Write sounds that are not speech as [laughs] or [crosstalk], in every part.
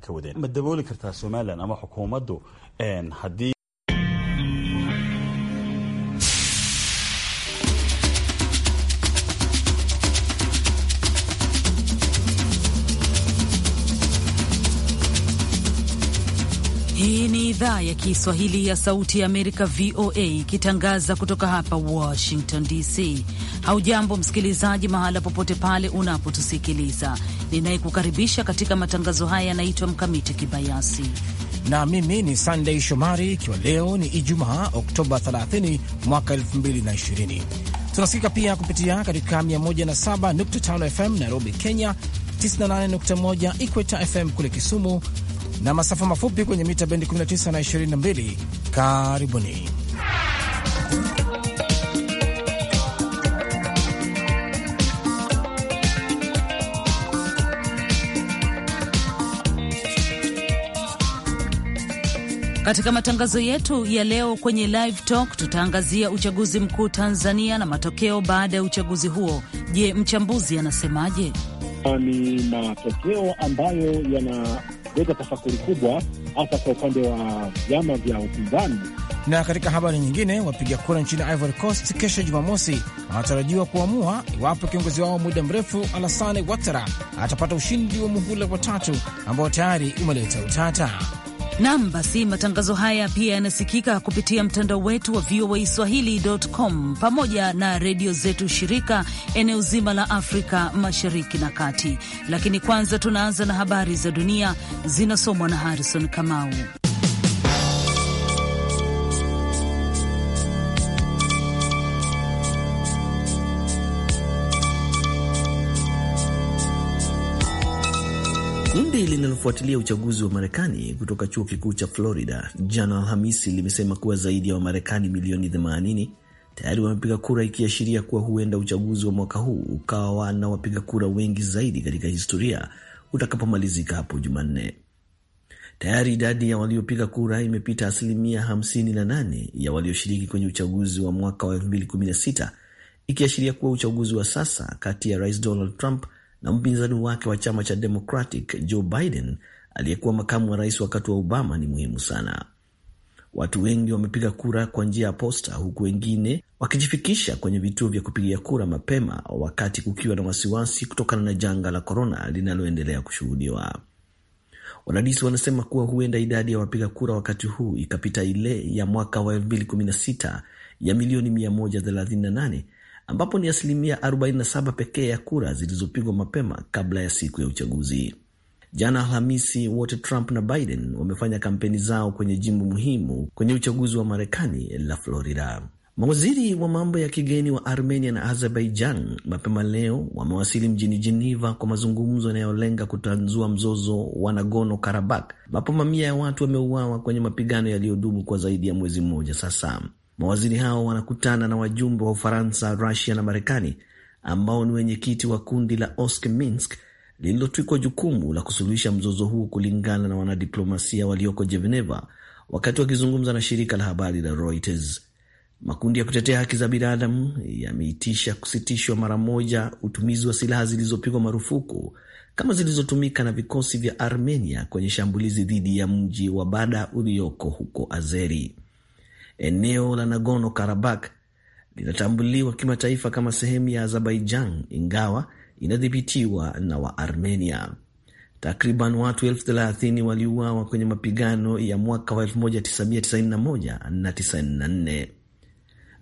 ka wadeen ma dabooli kartaa somalilan ama xukuumaddu haddii Hii ni idhaa ya Kiswahili ya Sauti ya Amerika, VOA, ikitangaza kutoka hapa Washington DC jambo msikilizaji, mahala popote pale unapotusikiliza, ninayekukaribisha katika matangazo haya yanaitwa Mkamiti Kibayasi na mimi ni sandey Shomari, ikiwa leo ni Ijumaa Oktoba 30 mwaka 2020. Tunasikika pia kupitia katika 107.5 FM Nairobi, Kenya, 98.1 Ikweta FM kule Kisumu na masafa mafupi kwenye mita bendi 19 na 22. Karibuni Katika matangazo yetu ya leo kwenye Live Talk tutaangazia uchaguzi mkuu Tanzania na matokeo baada ya uchaguzi huo. Je, mchambuzi anasemaje? Ni matokeo ambayo yanaleta tafakuri kubwa hasa kwa upande wa vyama vya upinzani. Na katika habari nyingine, wapiga kura nchini Ivory Coast kesho Jumamosi wanatarajiwa kuamua iwapo kiongozi wao muda mrefu Alassane Ouattara atapata ushindi wa muhula wa tatu ambao tayari umeleta utata. Nam, basi matangazo haya pia yanasikika kupitia mtandao wetu wa VOA Swahili.com pamoja na redio zetu shirika eneo zima la Afrika Mashariki na Kati. Lakini kwanza tunaanza na habari za dunia zinasomwa na Harrison Kamau. Kundi linalofuatilia uchaguzi wa Marekani kutoka chuo kikuu cha Florida jana Alhamisi limesema kuwa zaidi ya Wamarekani milioni 80 tayari wamepiga kura, ikiashiria kuwa huenda uchaguzi wa mwaka huu ukawa na wapiga kura wengi zaidi katika historia utakapomalizika hapo Jumanne. Tayari idadi ya waliopiga kura imepita asilimia 58 ya walioshiriki kwenye uchaguzi wa mwaka wa 2016 ikiashiria kuwa uchaguzi wa sasa kati ya Rais Donald Trump na mpinzani wake wa chama cha Democratic Joe Biden aliyekuwa makamu wa rais wakati wa Obama ni muhimu sana. Watu wengi wamepiga kura kwa njia ya posta, huku wengine wakijifikisha kwenye vituo vya kupigia kura mapema, wakati kukiwa na wasiwasi kutokana na janga la korona linaloendelea kushuhudiwa. Wadadisi wanasema kuwa huenda idadi ya wapiga kura wakati huu ikapita ile ya mwaka wa 2016 ya milioni 138 ambapo ni asilimia 47 pekee ya kura zilizopigwa mapema kabla ya siku ya uchaguzi. Jana Alhamisi, wote Trump na Biden wamefanya kampeni zao kwenye jimbo muhimu kwenye uchaguzi wa Marekani la Florida. Mawaziri wa mambo ya kigeni wa Armenia na Azerbaijan mapema leo wamewasili mjini Jeneva kwa mazungumzo yanayolenga kutanzua mzozo wa Nagorno Karabakh, ambapo mamia ya watu wameuawa kwenye mapigano yaliyodumu kwa zaidi ya mwezi mmoja sasa. Mawaziri hao wanakutana na wajumbe wa Ufaransa, Rusia na Marekani ambao ni wenyekiti wa kundi la OSK Minsk lililotwikwa jukumu la kusuluhisha mzozo huo, kulingana na wanadiplomasia walioko Geneva wakati wakizungumza na shirika la habari la Reuters. Makundi ya kutetea haki za binadamu yameitisha kusitishwa mara moja utumizi wa silaha zilizopigwa marufuku kama zilizotumika na vikosi vya Armenia kwenye shambulizi dhidi ya mji wa Bada ulioko huko Azeri. Eneo la Nagorno Karabakh linatambuliwa kimataifa kama sehemu ya Azerbaijan ingawa inadhibitiwa na Waarmenia. Takriban watu elfu thelathini waliuawa kwenye mapigano ya mwaka wa 1991 na 94.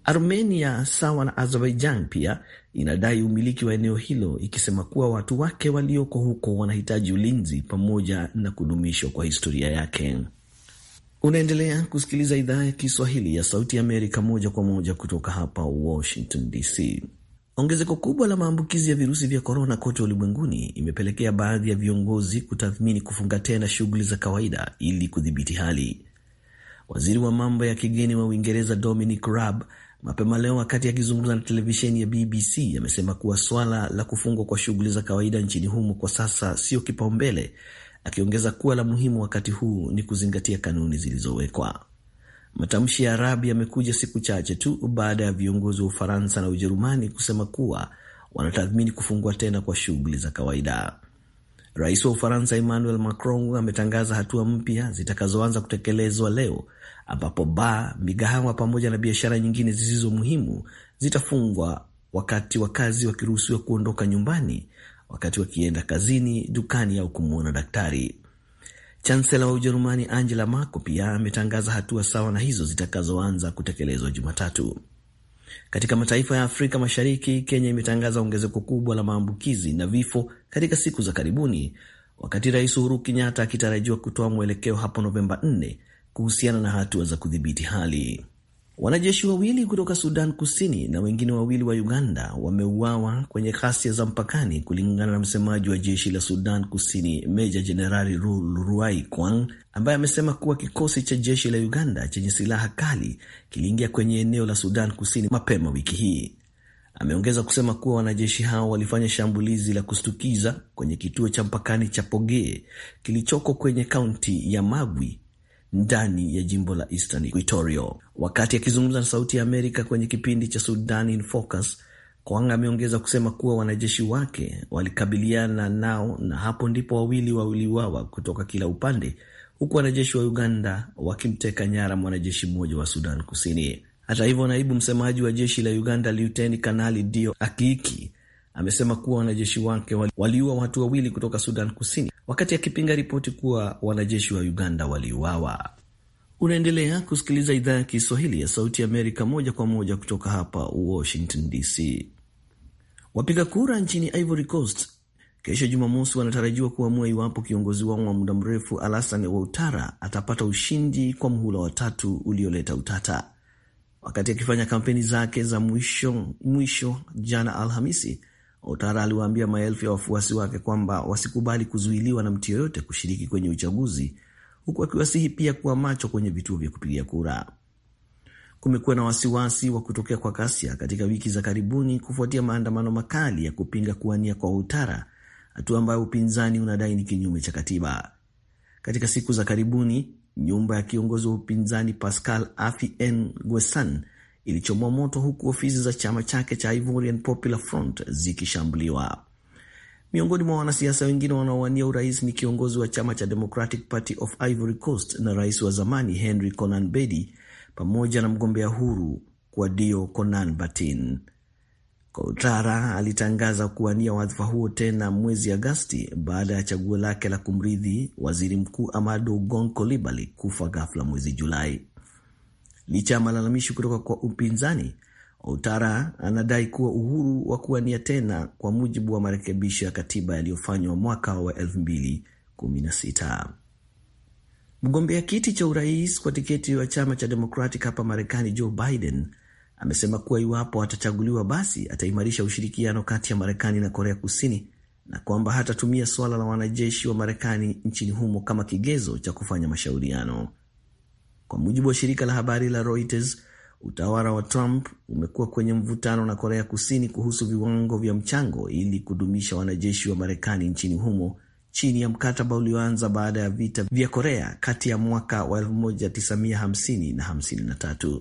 Armenia sawa na Azerbaijan pia inadai umiliki wa eneo hilo ikisema kuwa watu wake walioko huko wanahitaji ulinzi pamoja na kudumishwa kwa historia yake. Unaendelea kusikiliza idhaa ya Kiswahili ya Sauti ya Amerika moja kwa moja kutoka hapa Washington DC. Ongezeko kubwa la maambukizi ya virusi vya korona kote ulimwenguni imepelekea baadhi ya viongozi kutathmini kufunga tena shughuli za kawaida ili kudhibiti hali. Waziri wa mambo ya kigeni wa Uingereza Dominic Raab mapema leo, wakati akizungumza na televisheni ya BBC, amesema kuwa swala la kufungwa kwa shughuli za kawaida nchini humo kwa sasa sio kipaumbele, akiongeza kuwa la muhimu wakati huu ni kuzingatia kanuni zilizowekwa. Matamshi ya arabi yamekuja siku chache tu baada ya viongozi wa Ufaransa na Ujerumani kusema kuwa wanatathmini kufungua tena kwa shughuli za kawaida. Rais wa Ufaransa Emmanuel Macron ametangaza hatua mpya zitakazoanza kutekelezwa leo, ambapo baa, migahawa pamoja na biashara nyingine zisizo muhimu zitafungwa wakati wakazi wakiruhusiwa kuondoka nyumbani wakati wakienda kazini, dukani au kumwona daktari. Chansela wa Ujerumani Angela Merkel pia ametangaza hatua sawa na hizo zitakazoanza kutekelezwa Jumatatu. Katika mataifa ya Afrika Mashariki, Kenya imetangaza ongezeko kubwa la maambukizi na vifo katika siku za karibuni, wakati Rais Uhuru Kenyatta akitarajiwa kutoa mwelekeo hapo Novemba 4 kuhusiana na hatua za kudhibiti hali. Wanajeshi wawili kutoka Sudan Kusini na wengine wawili wa Uganda wameuawa kwenye ghasia za mpakani, kulingana na msemaji wa jeshi la Sudan Kusini Meja Jenerali Ruai Kwang ambaye amesema kuwa kikosi cha jeshi la Uganda chenye silaha kali kiliingia kwenye eneo la Sudan Kusini mapema wiki hii. Ameongeza kusema kuwa wanajeshi hao walifanya shambulizi la kustukiza kwenye kituo cha mpakani cha Pogee kilichoko kwenye kaunti ya Magwi ndani ya jimbo la Eastern Equatoria. Wakati akizungumza na Sauti ya Amerika kwenye kipindi cha Sudan in Focus, Kwang ameongeza kusema kuwa wanajeshi wake walikabiliana nao na hapo ndipo wawili wawiliwawa kutoka kila upande, huku wanajeshi wa Uganda wakimteka nyara mwanajeshi mmoja wa Sudan Kusini. Hata hivyo, naibu msemaji wa jeshi la Uganda Luteni Kanali Dio Akiiki amesema kuwa wanajeshi wake waliua watu wawili kutoka Sudan Kusini wakati akipinga ripoti kuwa wanajeshi wa Uganda waliuawa. Unaendelea kusikiliza idhaa ya Kiswahili ya Sauti Amerika moja kwa moja kutoka hapa Washington DC. Wapiga kura nchini Ivory Coast kesho Jumamosi wanatarajiwa kuamua iwapo kiongozi wao wa muda mrefu Alassane Ouattara atapata ushindi kwa muhula wa tatu ulioleta utata. Wakati akifanya kampeni zake za mwisho mwisho jana Alhamisi, Otara aliwaambia maelfu ya wafuasi wake kwamba wasikubali kuzuiliwa na mtu yoyote kushiriki kwenye uchaguzi, huku akiwasihi pia kuwa macho kwenye vituo vya kupigia kura. Kumekuwa na wasiwasi wa kutokea kwa ghasia katika wiki za karibuni kufuatia maandamano makali ya kupinga kuwania kwa utara hatua ambayo upinzani unadai ni kinyume cha katiba. Katika siku za karibuni, nyumba ya kiongozi wa upinzani Pascal Affi N'Guessan ilichomwa moto huku ofisi za chama chake cha Ivorian Popular Front zikishambuliwa. Miongoni mwa wanasiasa wengine wanaowania urais ni kiongozi wa chama cha Democratic Party of Ivory Coast na rais wa zamani Henry Konan Bedi pamoja na mgombea huru Dio Konan Batin. Ouattara alitangaza kuwania wadhifa huo tena mwezi Agasti baada ya chaguo lake la kumrithi waziri mkuu Amadou Gon kufa ghafla mwezi Julai. Licha ya malalamishi kutoka kwa upinzani, Outara anadai kuwa uhuru wa kuwania tena kwa mujibu wa marekebisho ya katiba yaliyofanywa mwaka wa 2016. Mgombea kiti cha urais kwa tiketi wa chama cha Democratic hapa Marekani, Joe Biden amesema kuwa iwapo atachaguliwa, basi ataimarisha ushirikiano kati ya Marekani na Korea Kusini na kwamba hatatumia suala la wanajeshi wa Marekani nchini humo kama kigezo cha kufanya mashauriano. Kwa mujibu wa shirika la habari la Reuters, utawala wa Trump umekuwa kwenye mvutano na Korea Kusini kuhusu viwango vya mchango ili kudumisha wanajeshi wa Marekani nchini humo chini ya mkataba ulioanza baada ya vita vya Korea kati ya mwaka wa 1950 na 53.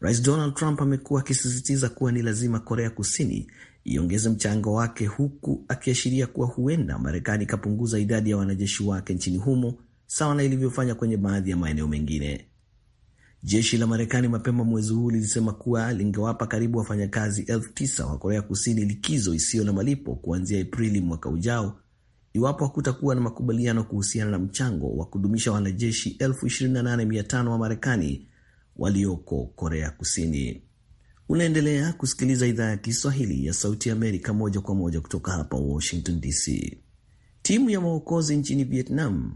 Rais Donald Trump amekuwa akisisitiza kuwa ni lazima Korea Kusini iongeze mchango wake, huku akiashiria kuwa huenda Marekani ikapunguza idadi ya wanajeshi wake nchini humo sawa na ilivyofanya kwenye baadhi ya maeneo mengine. Jeshi la Marekani mapema mwezi huu lilisema kuwa lingewapa karibu wafanyakazi elfu tisa wa Korea Kusini likizo isiyo na malipo kuanzia Aprili mwaka ujao iwapo hakutakuwa na makubaliano kuhusiana na mchango wa kudumisha wanajeshi 28,500 wa Marekani walioko Korea Kusini. Unaendelea kusikiliza idhaa ya Kiswahili ya Sauti Amerika moja kwa moja kutoka hapa Washington DC. Timu ya waokozi nchini Vietnam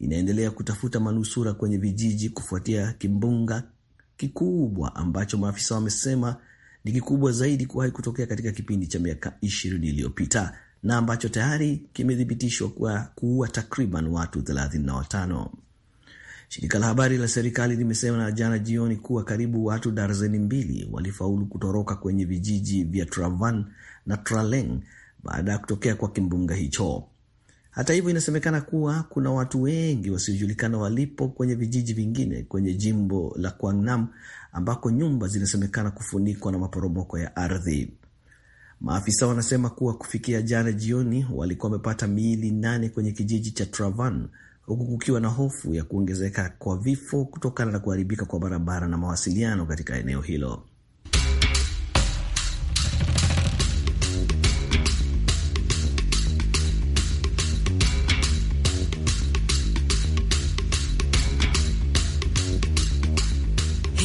inaendelea kutafuta manusura kwenye vijiji kufuatia kimbunga kikubwa ambacho maafisa wamesema ni kikubwa zaidi kuwahi kutokea katika kipindi cha miaka ishirini iliyopita na ambacho tayari kimethibitishwa kwa kuua takriban watu 35. Shirika la habari la serikali limesema na jana jioni kuwa karibu watu darzeni mbili walifaulu kutoroka kwenye vijiji vya Travan na Traleng baada ya kutokea kwa kimbunga hicho. Hata hivyo, inasemekana kuwa kuna watu wengi wasiojulikana walipo kwenye vijiji vingine kwenye jimbo la Kwangnam ambako nyumba zinasemekana kufunikwa na maporomoko ya ardhi. Maafisa wanasema kuwa kufikia jana jioni walikuwa wamepata miili nane kwenye kijiji cha Travan, huku kukiwa na hofu ya kuongezeka kwa vifo kutokana na kuharibika kwa barabara na mawasiliano katika eneo hilo.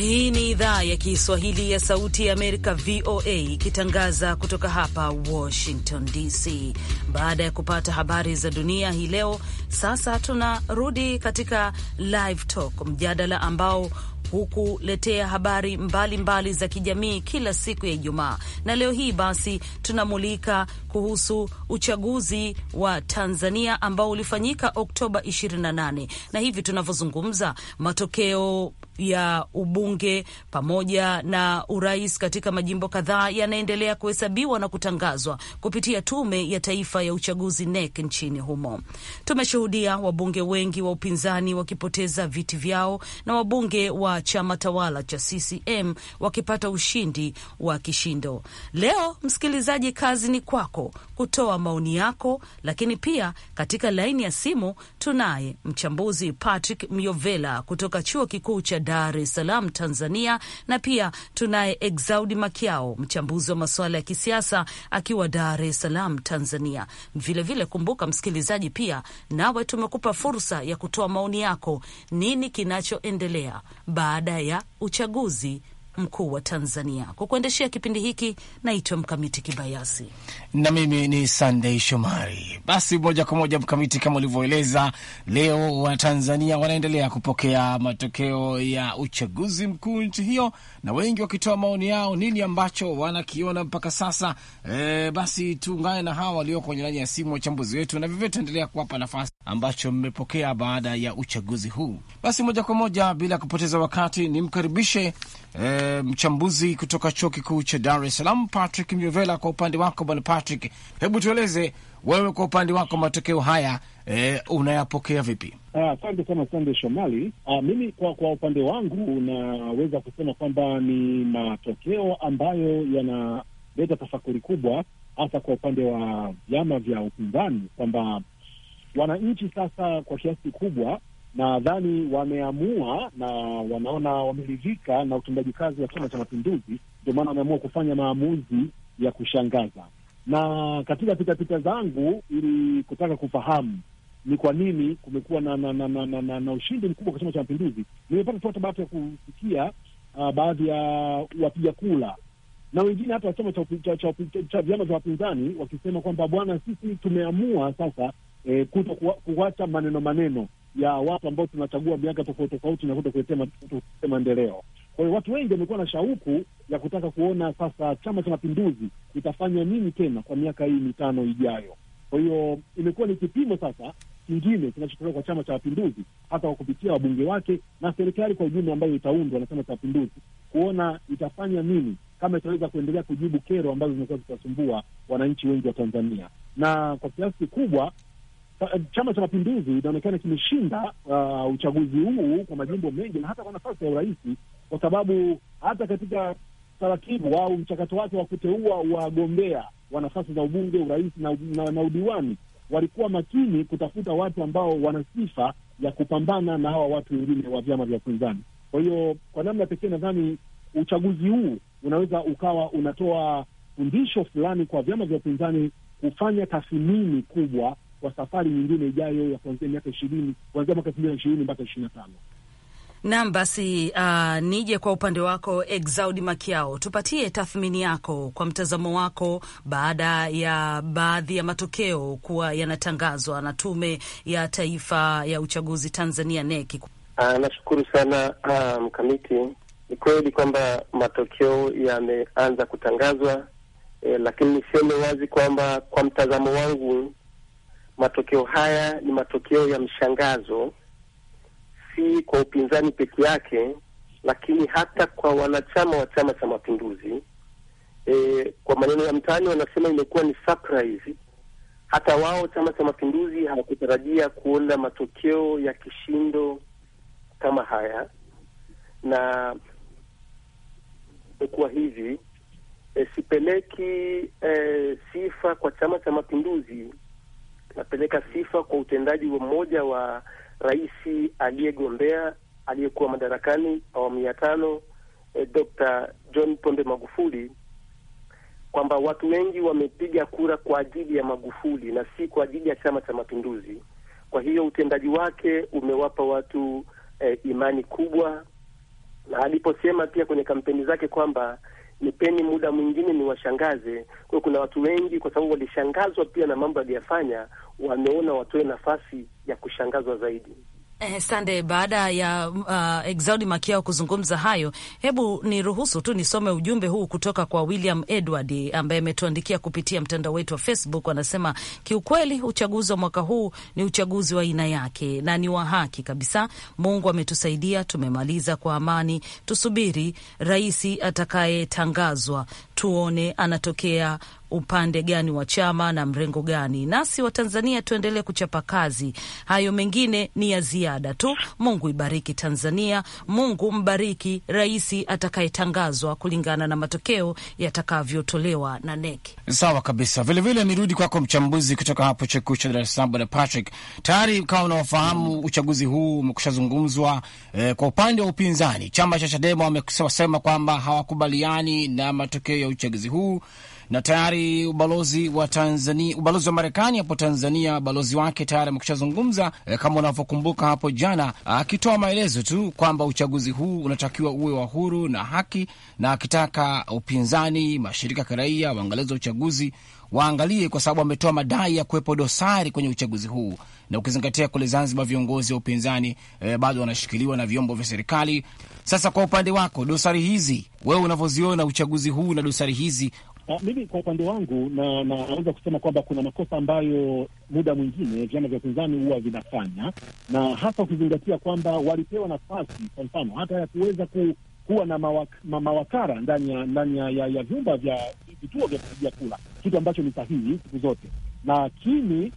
Hii ni idhaa ya Kiswahili ya Sauti ya Amerika, VOA, ikitangaza kutoka hapa Washington DC. Baada ya kupata habari za dunia hii leo, sasa tunarudi katika Live Talk, mjadala ambao hukuletea habari mbalimbali mbali za kijamii kila siku ya Ijumaa, na leo hii basi tunamulika kuhusu uchaguzi wa Tanzania ambao ulifanyika Oktoba 28 na hivi tunavyozungumza matokeo ya ubunge pamoja na urais katika majimbo kadhaa yanaendelea kuhesabiwa na kutangazwa kupitia Tume ya Taifa ya Uchaguzi NEC nchini humo. Tumeshuhudia wabunge wengi wa upinzani wakipoteza viti vyao na wabunge wa chama tawala cha CCM wakipata ushindi wa kishindo. Leo msikilizaji, kazi ni kwako kutoa maoni yako, lakini pia katika laini ya simu tunaye mchambuzi Patrick Myovela kutoka chuo kikuu cha Dar es Salaam, Tanzania, na pia tunaye Exaudi Makiao, mchambuzi wa masuala ya kisiasa akiwa Dar es Salaam, Tanzania. Vilevile vile kumbuka, msikilizaji, pia nawe tumekupa fursa ya kutoa maoni yako, nini kinachoendelea ba baada ya uchaguzi mkuu wa Tanzania. Kwa kuendeshea kipindi hiki naitwa Mkamiti Kibayasi na mimi ni sandey Shomari. Basi moja kwa moja, Mkamiti, kama ulivyoeleza, leo Watanzania wanaendelea kupokea matokeo ya uchaguzi mkuu nchi hiyo, na wengi wakitoa maoni yao, nini ambacho wanakiona mpaka sasa. E, basi tuungane na hawa walioko kwenye laini ya simu, wachambuzi wetu, na vivyo tuendelea kuwapa nafasi ambacho mmepokea baada ya uchaguzi huu. Basi moja kwa moja bila kupoteza wakati nimkaribishe e, mchambuzi kutoka chuo kikuu cha Dar es Salaam, Patrick Mjovela. Kwa upande wako bwana Patrick, hebu tueleze wewe kwa upande wako matokeo haya e, unayapokea vipi? Ah, asante sana Sande Shomali. Ah, mimi kwa, kwa upande wangu unaweza kusema kwamba ni matokeo ambayo yanaleta tafakuri kubwa, hasa kwa upande wa vyama vya upinzani kwamba wananchi sasa kwa kiasi kikubwa nadhani wameamua na wanaona wameridhika na utendaji kazi wa Chama cha Mapinduzi, ndio maana wameamua kufanya maamuzi ya kushangaza. Na katika pitapita zangu ili kutaka kufahamu ni kwa nini kumekuwa na, na, na, na, na, na, na ushindi mkubwa kwa Chama cha Mapinduzi, nimepata pata bahati ya kusikia uh, baadhi ya wapiga kula na wengine hata wa chama cha vyama vya wapinzani wakisema kwamba bwana, sisi tumeamua sasa e, kuto kuwacha maneno maneno ya watu ambao tunachagua miaka tofauti tofauti na kuto kuletea maendeleo. Kwa hiyo watu wengi wamekuwa na shauku ya kutaka kuona sasa Chama cha Mapinduzi kitafanya nini tena kwa miaka hii mitano ijayo. Kwa hiyo imekuwa ni kipimo sasa kingine kinachotolewa kwa Chama cha Mapinduzi, hata kwa kupitia wabunge wake na serikali kwa ujumla ambayo itaundwa na Chama cha Mapinduzi, kuona itafanya nini, kama itaweza kuendelea kujibu kero ambazo zimekuwa zikiwasumbua wananchi wengi wa Tanzania. Na kwa kiasi kikubwa Uh, uh, Chama cha Mapinduzi inaonekana kimeshinda uh, uchaguzi huu kwa majimbo mengi na hata kwa nafasi ya urais, kwa sababu hata katika taratibu au mchakato wake wa kuteua wagombea wa nafasi za ubunge, urais na, na, na udiwani walikuwa makini kutafuta watu ambao wana sifa ya kupambana na hawa watu wengine wa vyama vya upinzani. Kwa hiyo kwa namna pekee nadhani uchaguzi huu unaweza ukawa unatoa fundisho fulani kwa vyama vya upinzani kufanya tathmini kubwa kwa safari nyingine ijayo ya kuanzia miaka ishirini kuanzia mwaka elfu mbili na ishirini mpaka ishirini na tano. Naam, basi uh, nije kwa upande wako Exaudi Makiao, tupatie tathmini yako kwa mtazamo wako baada ya baadhi ya matokeo kuwa yanatangazwa na Tume ya Taifa ya Uchaguzi Tanzania, NEC. Uh, ah, nashukuru sana ah, mkamiti. Um, ni kweli kwamba matokeo yameanza kutangazwa eh, lakini niseme wazi kwamba kwa mtazamo wangu matokeo haya ni matokeo ya mshangazo, si kwa upinzani peke yake, lakini hata kwa wanachama wa Chama cha Mapinduzi. E, kwa maneno ya mtaani wanasema imekuwa ni surprise. Hata wao Chama cha Mapinduzi hawakutarajia kuona matokeo ya kishindo kama haya, na imekuwa hivi. E, sipeleki e, sifa kwa Chama cha Mapinduzi napeleka sifa kwa utendaji wa mmoja wa rais aliyegombea aliyekuwa madarakani awamu ya tano eh, Dr. John Pombe Magufuli, kwamba watu wengi wamepiga kura kwa ajili ya Magufuli na si kwa ajili ya Chama cha Mapinduzi. Kwa hiyo utendaji wake umewapa watu eh, imani kubwa, na aliposema pia kwenye kampeni zake kwamba nipeni muda mwingine niwashangaze. Kwa kuna watu wengi, kwa sababu walishangazwa pia na mambo aliyofanya, wameona watoe nafasi ya kushangazwa zaidi. Eh, Sande, baada ya uh, Exaudi Makiao kuzungumza hayo, hebu niruhusu tu nisome ujumbe huu kutoka kwa William Edward ambaye ametuandikia kupitia mtandao wetu wa Facebook. Anasema kiukweli, uchaguzi wa mwaka huu ni uchaguzi wa aina yake na ni wa haki kabisa. Mungu ametusaidia, tumemaliza kwa amani. Tusubiri rais atakayetangazwa, tuone anatokea upande gani wa chama na mrengo gani. Nasi Watanzania tuendelee kuchapa kazi, hayo mengine ni ya ziada tu. Mungu ibariki Tanzania, Mungu mbariki rais atakayetangazwa kulingana na matokeo yatakavyotolewa na NEC. Sawa kabisa. Vilevile nirudi kwako mchambuzi kutoka hapo chuo kikuu cha Dar es Salaam, Bwana Patrick, tayari ukawa unaofahamu uchaguzi huu umekushazungumzwa. Eh, kwa upande wa upinzani, chama cha Chadema wamesema kwamba hawakubaliani na matokeo ya uchaguzi huu na tayari ubalozi wa Tanzania, ubalozi wa Marekani hapo Tanzania, balozi wake tayari amekushazungumza e, eh, kama unavyokumbuka hapo jana akitoa maelezo tu kwamba uchaguzi huu unatakiwa uwe wa huru na haki, na akitaka upinzani, mashirika ya kiraia, waangalizi wa uchaguzi waangalie kwa sababu ametoa madai ya kuwepo dosari kwenye uchaguzi huu, na ukizingatia kule Zanzibar viongozi wa upinzani e, bado wanashikiliwa na vyombo vya serikali. Sasa kwa upande wako, dosari hizi wewe unavyoziona uchaguzi huu na dosari hizi, Uh, mimi kwa upande wangu na naweza kusema kwamba kuna makosa ambayo muda mwingine vyama vya upinzani huwa vinafanya, na hasa ukizingatia kwamba walipewa nafasi, kwa mfano hata ya kuweza ku, kuwa na mawak, ma, ndani ya ndani ya, ya vyumba vya vituo vya kupigia kura, kitu ambacho ni sahihi siku zote, lakini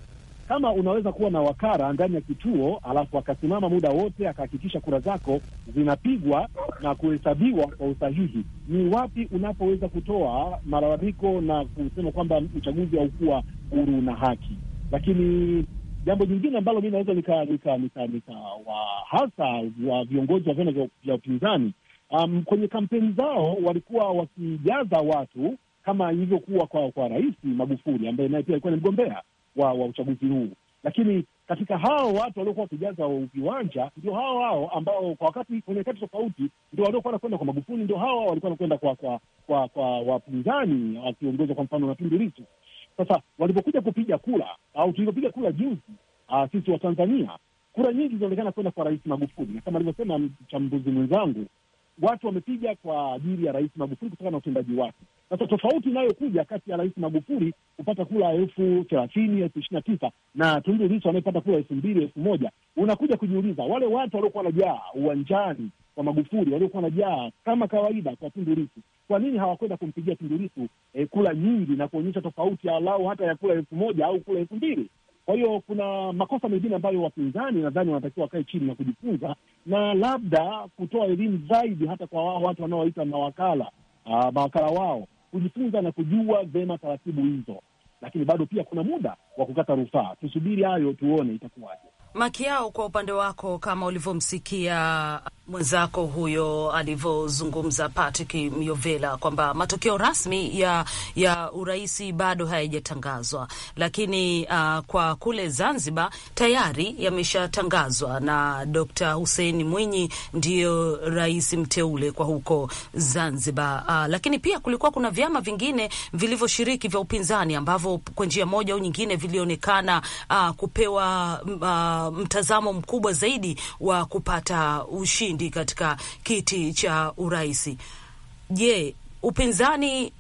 kama unaweza kuwa na wakara ndani ya kituo alafu akasimama muda wote akahakikisha kura zako zinapigwa na kuhesabiwa kwa usahihi, ni wapi unapoweza kutoa malalamiko na kusema kwamba uchaguzi haukuwa huru na haki? Lakini jambo jingine ambalo mi naweza nika, nika, nika, nika wa hasa wa viongozi wa vyama vya upinzani um, kwenye kampeni zao walikuwa wakijaza watu kama ilivyokuwa kwa, kwa Rais Magufuli ambaye naye pia alikuwa ni mgombea wa, wa uchaguzi huu, lakini katika hao watu waliokuwa wakijaza viwanja ndio hao hao ambao kwa wakati kwa nyakati tofauti ndio waliokuwa wanakwenda kwa Magufuli, ndio hao hao walikuwa wanakwenda kwa kwa kwa, kwa wapinzani wakiongozwa kwa mfano na Tundu Lissu. Sasa walipokuja kupiga kura au tulivyopiga kura juzi, ah, sisi wa Tanzania, kura nyingi zinaonekana kwenda kwa Rais Magufuli, na kama alivyosema mchambuzi mwenzangu watu wamepiga kwa ajili ya Rais Magufuli kutokana na utendaji wake. Sasa tofauti inayokuja kati ya Rais Magufuli kupata kura elfu thelathini elfu ishirini na tisa na Tundu Lissu anayepata kura elfu mbili elfu moja unakuja kujiuliza wale watu waliokuwa wanajaa uwanjani kwa Magufuli, waliokuwa wanajaa kama kawaida kwa Tundu Lissu, kwa nini hawakwenda kumpigia Tundu Lissu eh, kura nyingi na kuonyesha tofauti alau hata ya kura elfu moja au kura elfu mbili kwa hiyo kuna makosa mengine ambayo wapinzani nadhani wanatakiwa wakae chini na kujifunza, na labda kutoa elimu zaidi hata kwa wao watu wanaowaita mawakala, uh, mawakala wao kujifunza na kujua vema taratibu hizo, lakini bado pia kuna muda wa kukata rufaa. Tusubiri hayo tuone itakuwaje. Makiao, kwa upande wako, kama ulivyomsikia mwenzako huyo alivyozungumza Patrick Myovela kwamba matokeo rasmi ya, ya uraisi bado hayajatangazwa, lakini uh, kwa kule Zanzibar tayari yameshatangazwa na Dr. Hussein Mwinyi ndiyo rais mteule kwa huko Zanzibar. Uh, lakini pia kulikuwa kuna vyama vingine vilivyoshiriki vya upinzani ambavyo kwa njia moja au nyingine vilionekana uh, kupewa uh, mtazamo mkubwa zaidi wa kupata ushindi ushindi katika kiti cha urais. Je, upinzani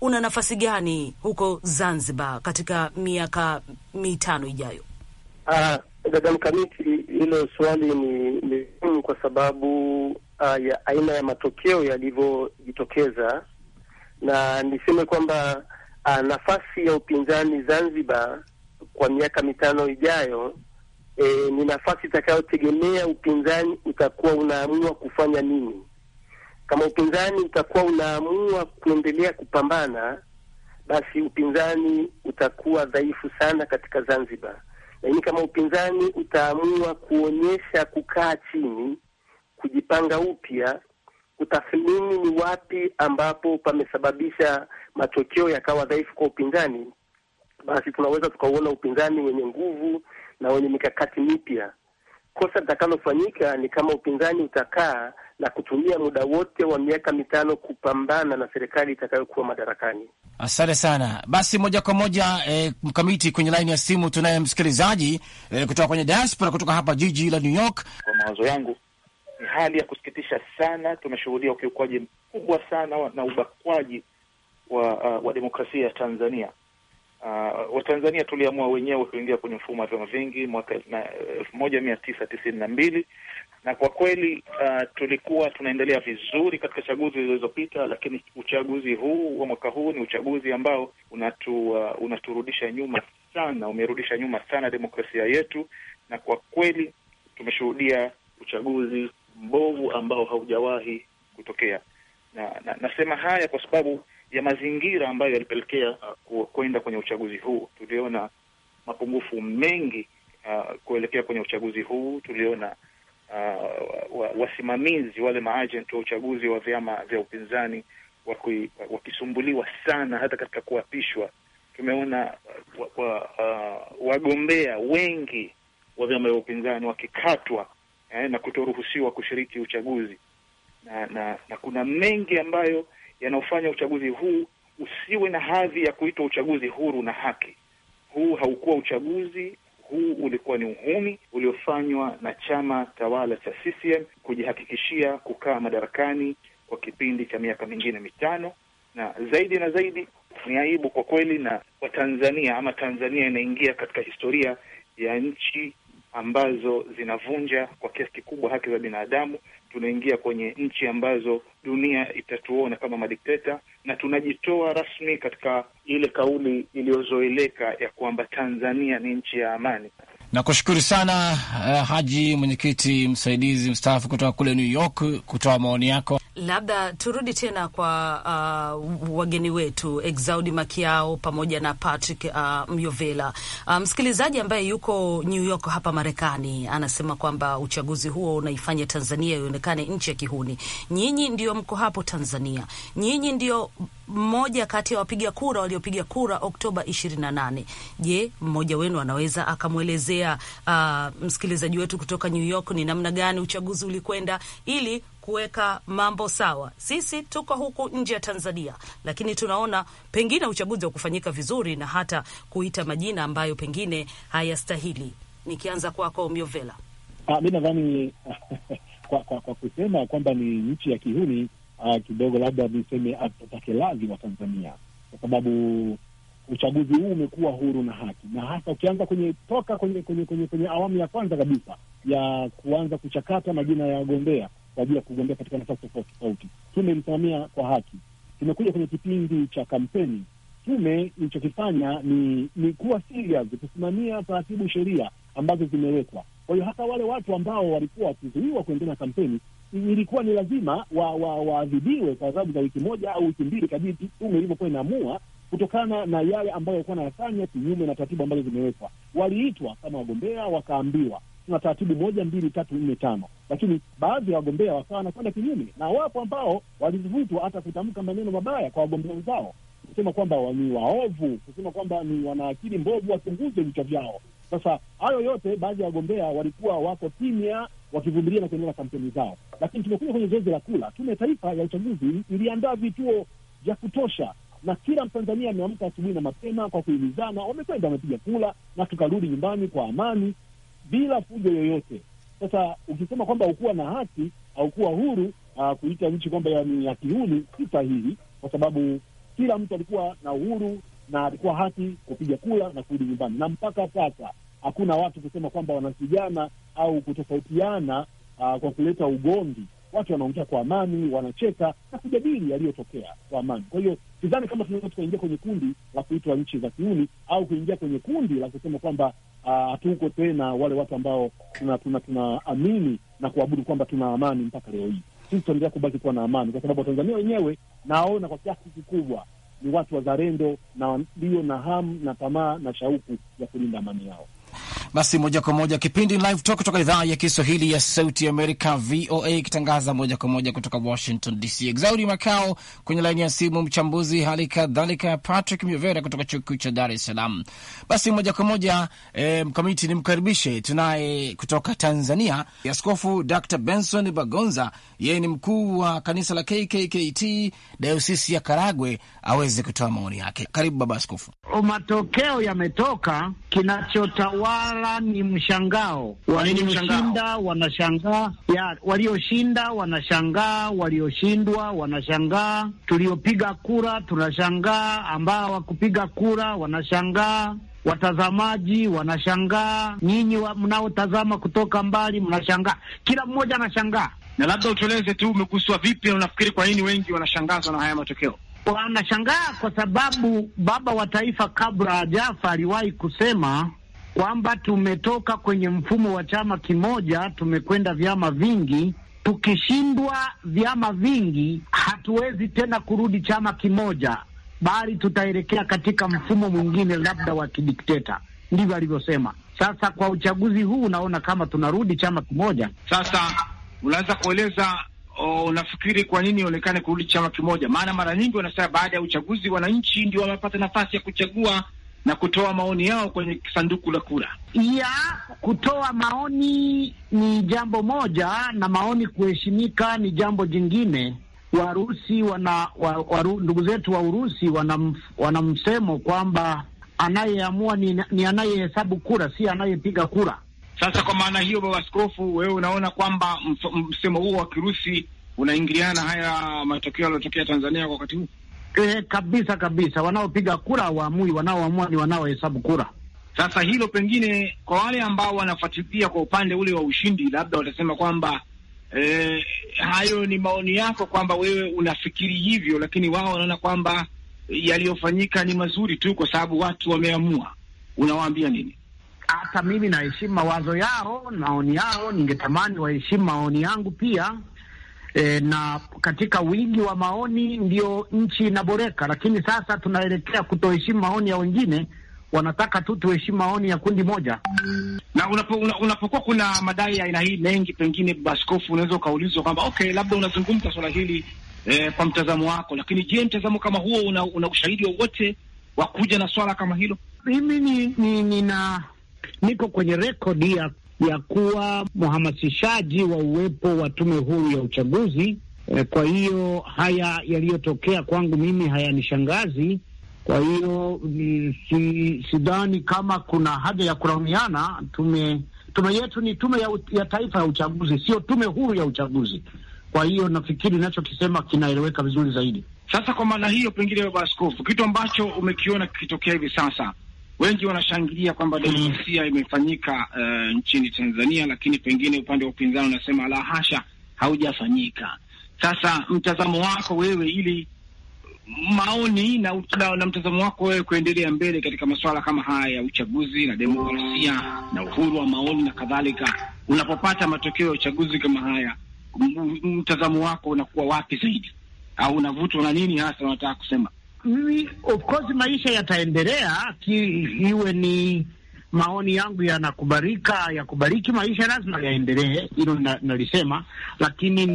una nafasi gani huko Zanzibar katika miaka mitano ijayo? Ah, Dada Mkamiti, hilo swali ni muhimu kwa sababu uh, ya aina ya matokeo yalivyojitokeza, na niseme kwamba uh, nafasi ya upinzani Zanzibar kwa miaka mitano ijayo e, ni nafasi itakayotegemea upinzani utakuwa unaamua kufanya nini. Kama upinzani utakuwa unaamua kuendelea kupambana, basi upinzani utakuwa dhaifu sana katika Zanzibar, lakini kama upinzani utaamua kuonyesha kukaa chini, kujipanga upya, kutathmini ni wapi ambapo pamesababisha matokeo yakawa dhaifu kwa upinzani, basi tunaweza tukauona upinzani wenye nguvu na wenye mikakati mipya. Kosa litakalofanyika ni kama upinzani utakaa na kutumia muda wote wa miaka mitano kupambana na serikali itakayokuwa madarakani. Asante sana. Basi moja kwa moja e, mkamiti kwenye laini ya simu tunaye msikilizaji e, kutoka kwenye diaspora kutoka hapa jiji la New York. Kwa mawazo yangu ni hali ya kusikitisha sana. Tumeshuhudia ukiukwaji mkubwa sana na ubakwaji wa, uh, wa demokrasia ya Tanzania Uh, Watanzania tuliamua wenyewe kuingia kwenye mfumo wa vyama vingi mwaka elfu moja mia tisa tisini na mbili na kwa kweli uh, tulikuwa tunaendelea vizuri katika chaguzi zilizopita, lakini uchaguzi huu wa mwaka huu ni uchaguzi ambao unatu, uh, unaturudisha nyuma sana, umerudisha nyuma sana demokrasia yetu, na kwa kweli tumeshuhudia uchaguzi mbovu ambao haujawahi kutokea. Na, na nasema haya kwa sababu ya mazingira ambayo yalipelekea uh, kwenda kwenye uchaguzi huu. Tuliona mapungufu mengi uh, kuelekea kwenye uchaguzi huu. Tuliona uh, wa, wasimamizi wale maajenti wa uchaguzi wa vyama vya upinzani wakui, wakisumbuliwa sana hata katika kuapishwa. Tumeona uh, wa, uh, wagombea wengi wa vyama vya upinzani wakikatwa eh, na kutoruhusiwa kushiriki uchaguzi na, na, na kuna mengi ambayo yanayofanya uchaguzi huu usiwe na hadhi ya kuitwa uchaguzi huru na haki. Huu haukuwa uchaguzi, huu ulikuwa ni uhuni uliofanywa na chama tawala cha CCM kujihakikishia kukaa madarakani kwa kipindi cha miaka mingine mitano, na zaidi na zaidi ni aibu kwa kweli, na tanzania ama Tanzania inaingia katika historia ya nchi ambazo zinavunja kwa kiasi kikubwa haki za binadamu. Tunaingia kwenye nchi ambazo dunia itatuona kama madikteta, na tunajitoa rasmi katika ile kauli iliyozoeleka ya kwamba Tanzania ni nchi ya amani. Nakushukuru sana uh, Haji, mwenyekiti msaidizi mstaafu kutoka kule New York, kutoa maoni yako. Labda turudi tena kwa uh, wageni wetu Exaudi Makiao pamoja na Patrick uh, Myovela. Uh, msikilizaji ambaye yuko New York hapa Marekani anasema kwamba uchaguzi huo unaifanya Tanzania ionekane nchi ya kihuni. Nyinyi ndio mko hapo Tanzania, nyinyi ndio mmoja kati ya wapiga kura waliopiga kura Oktoba 28. Je, mmoja wenu anaweza akamwelezea uh, msikilizaji wetu kutoka New York ni namna gani uchaguzi ulikwenda ili kuweka mambo sawa. Sisi tuko huku nje ya Tanzania, lakini tunaona pengine uchaguzi wa kufanyika vizuri na hata kuita majina ambayo pengine hayastahili. Nikianza kwako Miovela. Ah, mi nadhani [laughs] kwa, kwa, kwa kusema kwamba ni nchi ya kihuni uh, kidogo labda niseme atakelazi wa Tanzania, kwa sababu uchaguzi huu umekuwa huru na haki, na hasa ukianza kwenye toka kwenye kwenye kwenye, kwenye awamu ya kwanza kabisa ya kuanza kuchakata majina ya wagombea kwa ajili ya kugombea katika nafasi tofauti tofauti. Tume imesimamia kwa haki. Tumekuja kwenye kipindi cha kampeni, tume ilichokifanya ni ni kuwa serious kusimamia taratibu, sheria ambazo zimewekwa. Kwa hiyo hata wale watu ambao walikuwa wakizuiwa kuendelea na kampeni ilikuwa ni lazima waadhibiwe wa, wa kwa sababu za wiki moja au wiki mbili kadiri tume ilivyokuwa inaamua kutokana na yale ambayo walikuwa nayafanya kinyume na taratibu ambazo zimewekwa. Waliitwa kama wagombea, wakaambiwa tuna taratibu moja, mbili, tatu, nne, tano, lakini baadhi ya wagombea wakawa wanakwenda kinyume, na wapo ambao walivutwa hata kutamka maneno mabaya kwa wagombea wenzao, kusema kwamba ni waovu, kusema kwamba ni wanaakili mbovu, wachunguze vichwa vyao. Sasa hayo yote, baadhi ya wagombea walikuwa wako kimya wakivumilia na kuendelea kampeni zao. Lakini tumekuja kwenye zoezi la kula. Tume ya Taifa ya Uchaguzi iliandaa vituo vya kutosha na kila Mtanzania ameamka asubuhi na mapema kwa kuhimizana, wamekwenda wamepiga kula na tukarudi nyumbani kwa amani bila fujo yoyote. Sasa ukisema kwamba hukuwa na haki au kuwa huru uh, kuita nchi kwamba ni ya kihuni, si sahihi, kwa sababu kila mtu alikuwa na uhuru na alikuwa haki kupiga kula na kurudi nyumbani, na mpaka sasa hakuna watu kusema kwamba wanasijana au kutofautiana uh, kwa kuleta ugomvi. Watu wanaongea kwa amani, wanacheka na kujadili yaliyotokea kwa amani. Kwa hiyo sidhani kama tunaweza tukaingia kwenye kundi la kuitwa nchi za kiuni au kuingia kwenye kundi la kusema kwamba ah, hatuko uh, tena wale watu ambao tunaamini tuna, tuna, na kuabudu kwamba tuna amani mpaka leo hii. Sisi tutaendelea kubaki kuwa na amani, kwa sababu Watanzania wenyewe naona kwa kiasi kikubwa ni watu wazalendo na walio na hamu na tamaa na shauku ya kulinda amani yao. Basi moja kwa moja kipindi Live Talk kutoka idhaa ya Kiswahili ya Sauti Amerika, VOA, ikitangaza moja kwa moja kutoka Washington DC. Exaudi makao kwenye laini ya simu, mchambuzi hali kadhalika Patrick Mivera kutoka chuo kikuu cha Dar es Salaam. Basi moja kwa moja eh, mkamiti nimkaribishe, tunaye kutoka Tanzania Askofu Dr Benson Bagonza, yeye ni mkuu wa kanisa la KKKT dayosisi ya Karagwe, aweze kutoa maoni yake. Karibu baba askofu. Matokeo yametoka, kinachotawala swala ni mshangao. Walioshinda wanashangaa, walioshinda wanashangaa, walioshindwa wanashangaa, tuliopiga kura tunashangaa, ambao hawakupiga kura wanashangaa watazamaji wanashangaa, nyinyi wa, mnaotazama kutoka mbali mnashangaa, kila mmoja anashangaa. Na labda utueleze tu, umeguswa vipi na unafikiri kwa nini wengi wanashangazwa na haya matokeo? Wanashangaa kwa sababu baba wa taifa kabla jafa aliwahi kusema kwamba tumetoka kwenye mfumo wa chama kimoja tumekwenda vyama vingi. Tukishindwa vyama vingi, hatuwezi tena kurudi chama kimoja, bali tutaelekea katika mfumo mwingine, labda wa kidikteta. Ndivyo alivyosema. Sasa kwa uchaguzi huu, unaona kama tunarudi chama kimoja. Sasa unaweza kueleza O, unafikiri kwa nini ionekane kurudi chama kimoja? Maana mara nyingi wanasema baada ya uchaguzi wananchi ndio wamepata nafasi ya kuchagua na kutoa maoni yao kwenye sanduku la kura. Ya kutoa maoni ni jambo moja, na maoni kuheshimika ni jambo jingine. Warusi wana wa, waru, ndugu zetu wa Urusi wana, msemo kwamba anayeamua ni, ni anayehesabu kura, si anayepiga kura. Sasa kwa maana hiyo, baba askofu, wewe unaona kwamba msemo huo wa Kirusi unaingiliana haya matokeo yaliyotokea Tanzania kwa wakati huu? E, kabisa kabisa, wanaopiga kura waamui, wanaoamua ni wanaohesabu kura. Sasa hilo pengine kwa wale ambao wanafuatilia kwa upande ule wa ushindi, labda watasema kwamba e, hayo ni maoni yako kwamba wewe unafikiri hivyo, lakini wao wanaona kwamba yaliyofanyika ni mazuri tu kwa sababu watu wameamua. Unawaambia nini? Hata mimi naheshimu mawazo yao, maoni yao, ningetamani waheshimu maoni yangu pia e, na katika wingi wa maoni ndio nchi inaboreka. Lakini sasa tunaelekea kutoheshimu maoni ya wengine, wanataka tu tuheshimu maoni ya kundi moja. Na unapo, una, unapokuwa kuna madai ya aina hii mengi, pengine Baskofu, unaweza ukaulizwa kwamba okay, labda unazungumza swala hili eh, kwa mtazamo wako, lakini je, mtazamo kama huo una, una ushahidi wowote wa kuja na swala kama hilo? Mimi ni, ni, nina niko kwenye rekodi ya ya kuwa mhamasishaji wa uwepo wa tume huru ya uchaguzi. E, kwa hiyo haya yaliyotokea kwangu mimi hayanishangazi. Kwa hiyo si, sidhani kama kuna haja ya kulaumiana. Tume tume yetu ni tume ya, ya taifa ya uchaguzi, sio tume huru ya uchaguzi. Kwa hiyo nafikiri ninachokisema kinaeleweka vizuri zaidi. Sasa kwa maana hiyo, pengine baba askofu, kitu ambacho umekiona kikitokea hivi sasa wengi wanashangilia kwamba mm. demokrasia imefanyika uh, nchini Tanzania, lakini pengine upande wa upinzani unasema la hasha, haujafanyika. Sasa mtazamo wako wewe, ili maoni na, na, na mtazamo wako wewe kuendelea mbele katika masuala kama haya ya uchaguzi na demokrasia na uhuru wa maoni na kadhalika, unapopata matokeo ya uchaguzi kama haya, mtazamo wako unakuwa wapi zaidi, au unavutwa na nini hasa unataka kusema? of course maisha yataendelea, iwe ni maoni yangu yanakubalika, yakubariki maisha lazima yaendelee, hilo nalisema. Lakini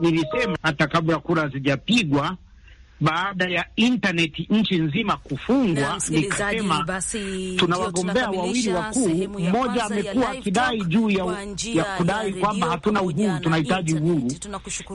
nilisema hata kabla kura hazijapigwa baada ya intaneti nchi nzima kufungwa, nikasema tuna wagombea wawili wakuu, mmoja amekuwa akidai juu ya, ya kudai kwamba hatuna uhuru, tunahitaji uhuru.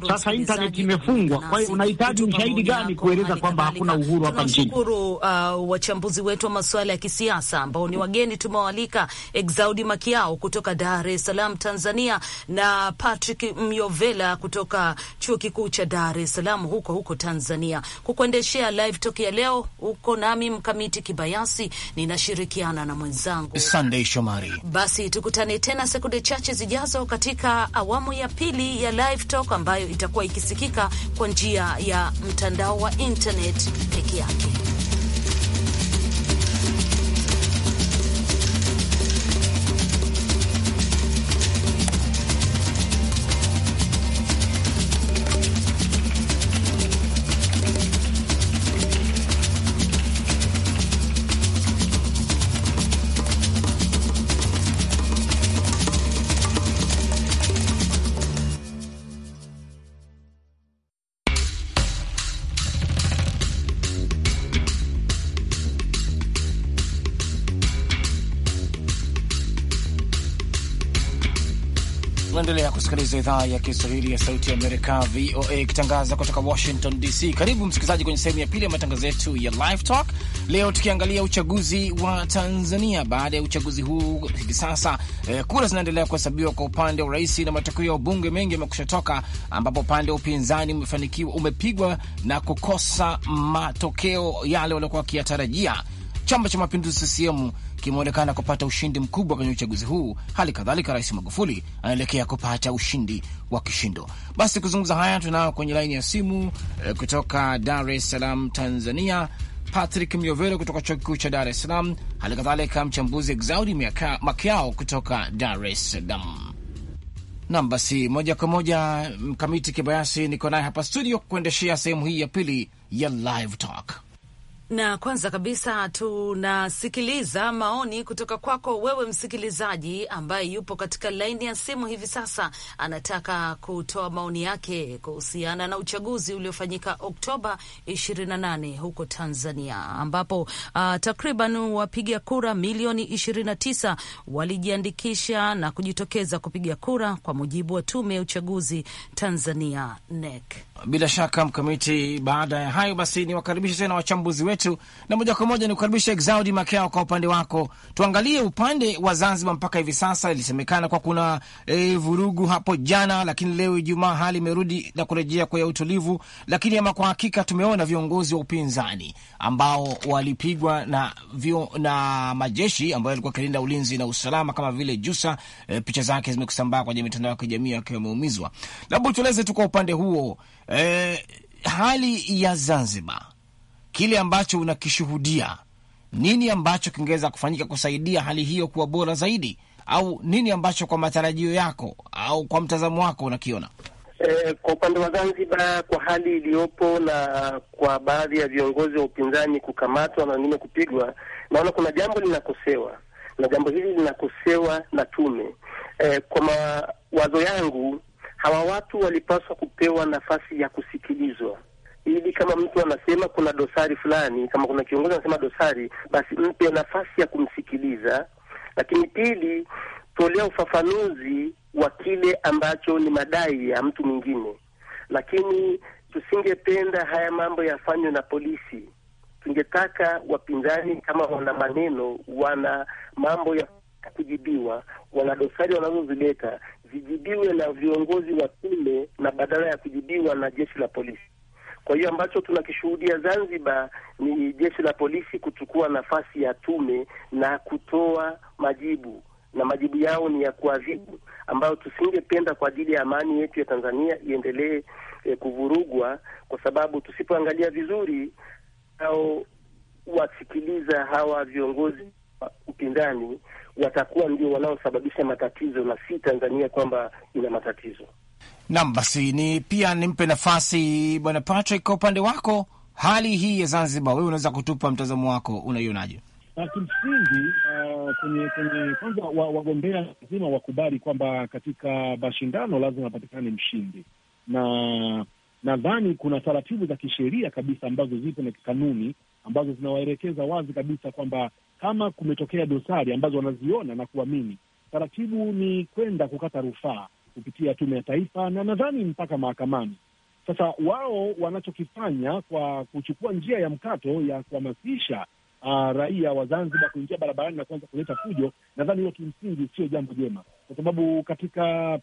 Sasa intaneti imefungwa, kwa hiyo unahitaji ushahidi gani kueleza kwamba hakuna uhuru hapa nchini? Tunashukuru uh, wachambuzi wetu wa masuala ya kisiasa ambao ni wageni tumewaalika, Exaudi Makiao kutoka Dar es Salaam Tanzania na Patrick Myovela kutoka chuo kikuu cha Dar es Salaam huko huko Tanzania kukuendeshea live talk ya leo. Uko nami Mkamiti Kibayasi, ninashirikiana na mwenzangu Sunday Shomari. Basi tukutane tena sekunde chache zijazo katika awamu ya pili ya live talk ambayo itakuwa ikisikika kwa njia ya mtandao wa internet peke yake. Unaendelea kusikiliza idhaa ya Kiswahili ya Sauti ya Amerika, VOA, ikitangaza kutoka Washington DC. Karibu msikilizaji kwenye sehemu ya pili ya matangazo yetu ya Live Talk, leo tukiangalia uchaguzi wa Tanzania. Baada ya uchaguzi huu hivi sasa eh, kura zinaendelea kuhesabiwa kwa upande wa urais na matokeo ya ubunge mengi yamekusha toka, ambapo upande wa upinzani umefanikiwa, umepigwa na kukosa matokeo yale waliokuwa wakiyatarajia Chama cha Mapinduzi CCM kimeonekana kupata ushindi mkubwa kwenye uchaguzi huu. Hali kadhalika, Rais Magufuli anaelekea kupata ushindi wa kishindo. Basi kuzungumza haya, tunao kwenye laini ya simu eh, kutoka Dar es Salaam, Tanzania, Patrick Myovero kutoka chuo kikuu cha Dar es Salaam, hali kadhalika mchambuzi Exaudi Makiao kutoka Dar es Salaam. Nam, basi moja kwa moja, Mkamiti Kibayasi niko naye hapa studio kuendeshea sehemu hii ya pili ya Live Talk na kwanza kabisa tunasikiliza maoni kutoka kwako wewe msikilizaji ambaye yupo katika laini ya simu hivi sasa, anataka kutoa maoni yake kuhusiana na uchaguzi uliofanyika Oktoba 28 huko Tanzania, ambapo uh, takriban wapiga kura milioni 29 walijiandikisha na kujitokeza kupiga kura kwa mujibu wa tume ya uchaguzi Tanzania NEC. Bila shaka mkamiti, baada ya hayo basi niwakaribishe tena wachambuzi wetu yetu, na moja kwa moja nikukaribisha Exaudi Makao. Kwa upande wako, tuangalie upande wa Zanzibar. Mpaka hivi sasa ilisemekana kwa kuna e, vurugu hapo jana, lakini leo Ijumaa hali imerudi na kurejea kwa utulivu, lakini ama kwa hakika tumeona viongozi wa upinzani ambao walipigwa na, vio, na majeshi ambayo yalikuwa yakilinda ulinzi na usalama kama vile Jusa. E, eh, picha zake zimekusambaa kwenye mitandao ya kijamii wakiwa wameumizwa. Labda tueleze tu kwa upande huo e, hali ya Zanzibar kile ambacho unakishuhudia, nini ambacho kingeweza kufanyika kusaidia hali hiyo kuwa bora zaidi, au nini ambacho kwa matarajio yako au kwa mtazamo wako unakiona? E, kwa upande wa Zanzibar kwa hali iliyopo na kwa baadhi ya viongozi wa upinzani kukamatwa na wengine kupigwa, naona kuna jambo linakosewa na jambo hili linakosewa na tume. E, kwa mawazo yangu hawa watu walipaswa kupewa nafasi ya kusikilizwa ili kama mtu anasema kuna dosari fulani, kama kuna kiongozi anasema dosari, basi mpe nafasi ya kumsikiliza. Lakini pili, tolea ufafanuzi wa kile ambacho ni madai ya mtu mwingine. Lakini tusingependa haya mambo yafanywe na polisi. Tungetaka wapinzani kama wana maneno, wana mambo ya kujibiwa, wana dosari wanazozileta, zijibiwe na viongozi wa tume na badala ya kujibiwa na jeshi la polisi. Kwa hiyo ambacho tunakishuhudia Zanzibar ni jeshi la polisi kuchukua nafasi ya tume na kutoa majibu na majibu yao ni ya kuadhibu, ambayo tusingependa kwa ajili ya amani yetu ya Tanzania iendelee e, kuvurugwa, kwa sababu tusipoangalia vizuri au wasikiliza hawa viongozi wa upinzani watakuwa ndio wanaosababisha matatizo na si Tanzania kwamba ina matatizo. Nam, basi ni pia nimpe nafasi bwana Patrick, kwa upande wako hali hii ya Zanzibar, wewe unaweza kutupa mtazamo wako, unaionaje? Kimsingi uh, kwenye kwanza wa, wagombea lazima wakubali kwamba katika mashindano lazima apatikane mshindi, na nadhani kuna taratibu za kisheria kabisa ambazo zipo na kikanuni ambazo zinawaelekeza wazi kabisa kwamba kama kumetokea dosari ambazo wanaziona na kuamini, taratibu ni kwenda kukata rufaa kupitia tume ya taifa na nadhani mpaka mahakamani. Sasa wao wanachokifanya kwa kuchukua njia ya mkato ya kuhamasisha Uh, raia wa Zanzibar kuingia barabarani na kuanza kuleta fujo, nadhani hiyo kimsingi sio jambo jema, kwa sababu katika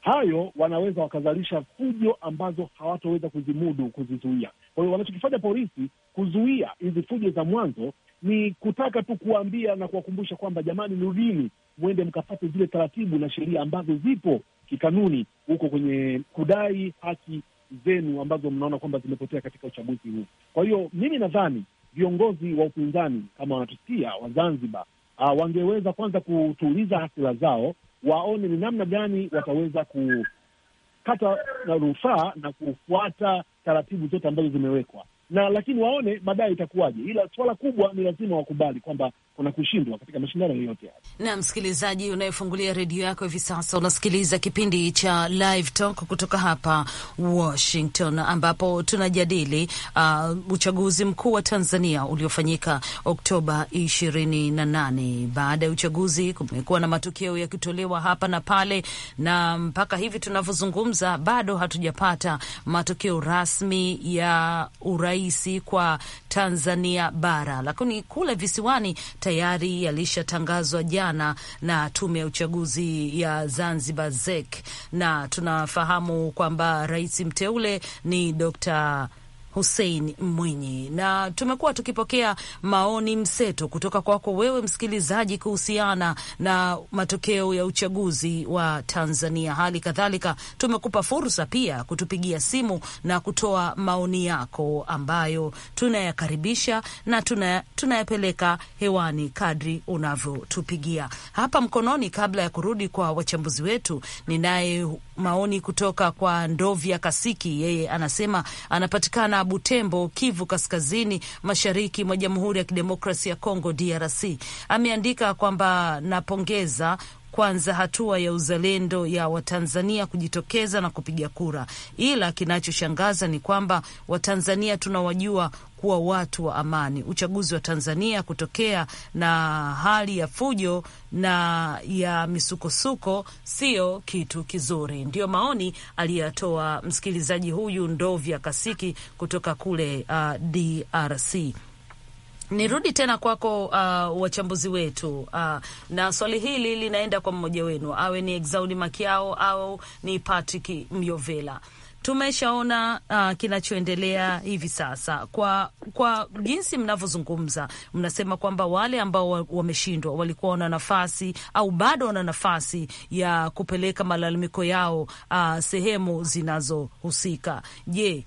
hayo wanaweza wakazalisha fujo ambazo hawatoweza kuzimudu kuzizuia. Kwa hiyo wanachokifanya polisi kuzuia hizi fujo za mwanzo ni kutaka tu kuwaambia na kuwakumbusha kwamba jamani, nurudini, mwende mkapate zile taratibu na sheria ambazo zipo kikanuni huko kwenye kudai haki zenu ambazo mnaona kwamba zimepotea katika uchaguzi huu. Kwa hiyo mimi nadhani viongozi wa upinzani kama wanatusikia wa Zanzibar, uh, wangeweza kwanza kutuuliza hasira zao, waone ni namna gani wataweza kukata na rufaa na kufuata taratibu zote ambazo zimewekwa na lakini waone baadaye itakuwaje, ila suala kubwa ni lazima wakubali kwamba kuna kushindwa katika mashindano yoyote haya. Na msikilizaji unayefungulia redio yako hivi sasa, unasikiliza kipindi cha Live Talk kutoka hapa Washington, ambapo tunajadili uh, uchaguzi mkuu wa Tanzania uliofanyika Oktoba ishirini na nane. Baada ya uchaguzi kumekuwa na matokeo yakitolewa hapa na pale, na mpaka hivi tunavyozungumza bado hatujapata matokeo rasmi ya uraisi kwa Tanzania bara, lakini kule visiwani tayari yalishatangazwa jana na tume ya uchaguzi ya Zanzibar ZEC, na tunafahamu kwamba rais mteule ni Dr. Hussein Mwinyi, na tumekuwa tukipokea maoni mseto kutoka kwako wewe msikilizaji kuhusiana na matokeo ya uchaguzi wa Tanzania. Hali kadhalika tumekupa fursa pia kutupigia simu na kutoa maoni yako ambayo tunayakaribisha na tunayapeleka tunayapeleka hewani kadri unavyotupigia hapa mkononi. Kabla ya kurudi kwa wachambuzi wetu, ninaye maoni kutoka kwa Ndovya Kasiki, yeye anasema anapatikana Butembo, Kivu Kaskazini, mashariki mwa Jamhuri ya Kidemokrasia ya Kongo, DRC. Ameandika kwamba napongeza kwanza hatua ya uzalendo ya Watanzania kujitokeza na kupiga kura, ila kinachoshangaza ni kwamba Watanzania tunawajua kuwa watu wa amani. Uchaguzi wa Tanzania kutokea na hali ya fujo na ya misukosuko sio kitu kizuri. Ndiyo maoni aliyatoa msikilizaji huyu Ndovya Kasiki kutoka kule uh, DRC. Nirudi tena kwako uh, wachambuzi wetu uh, na swali hili linaenda kwa mmoja wenu, awe ni Exaudi Makiao au ni Patrick Myovela tumeshaona uh, kinachoendelea hivi sasa. Kwa kwa jinsi mnavyozungumza, mnasema kwamba wale ambao wameshindwa walikuwa wana nafasi au bado wana nafasi ya kupeleka malalamiko yao uh, sehemu zinazohusika. Je,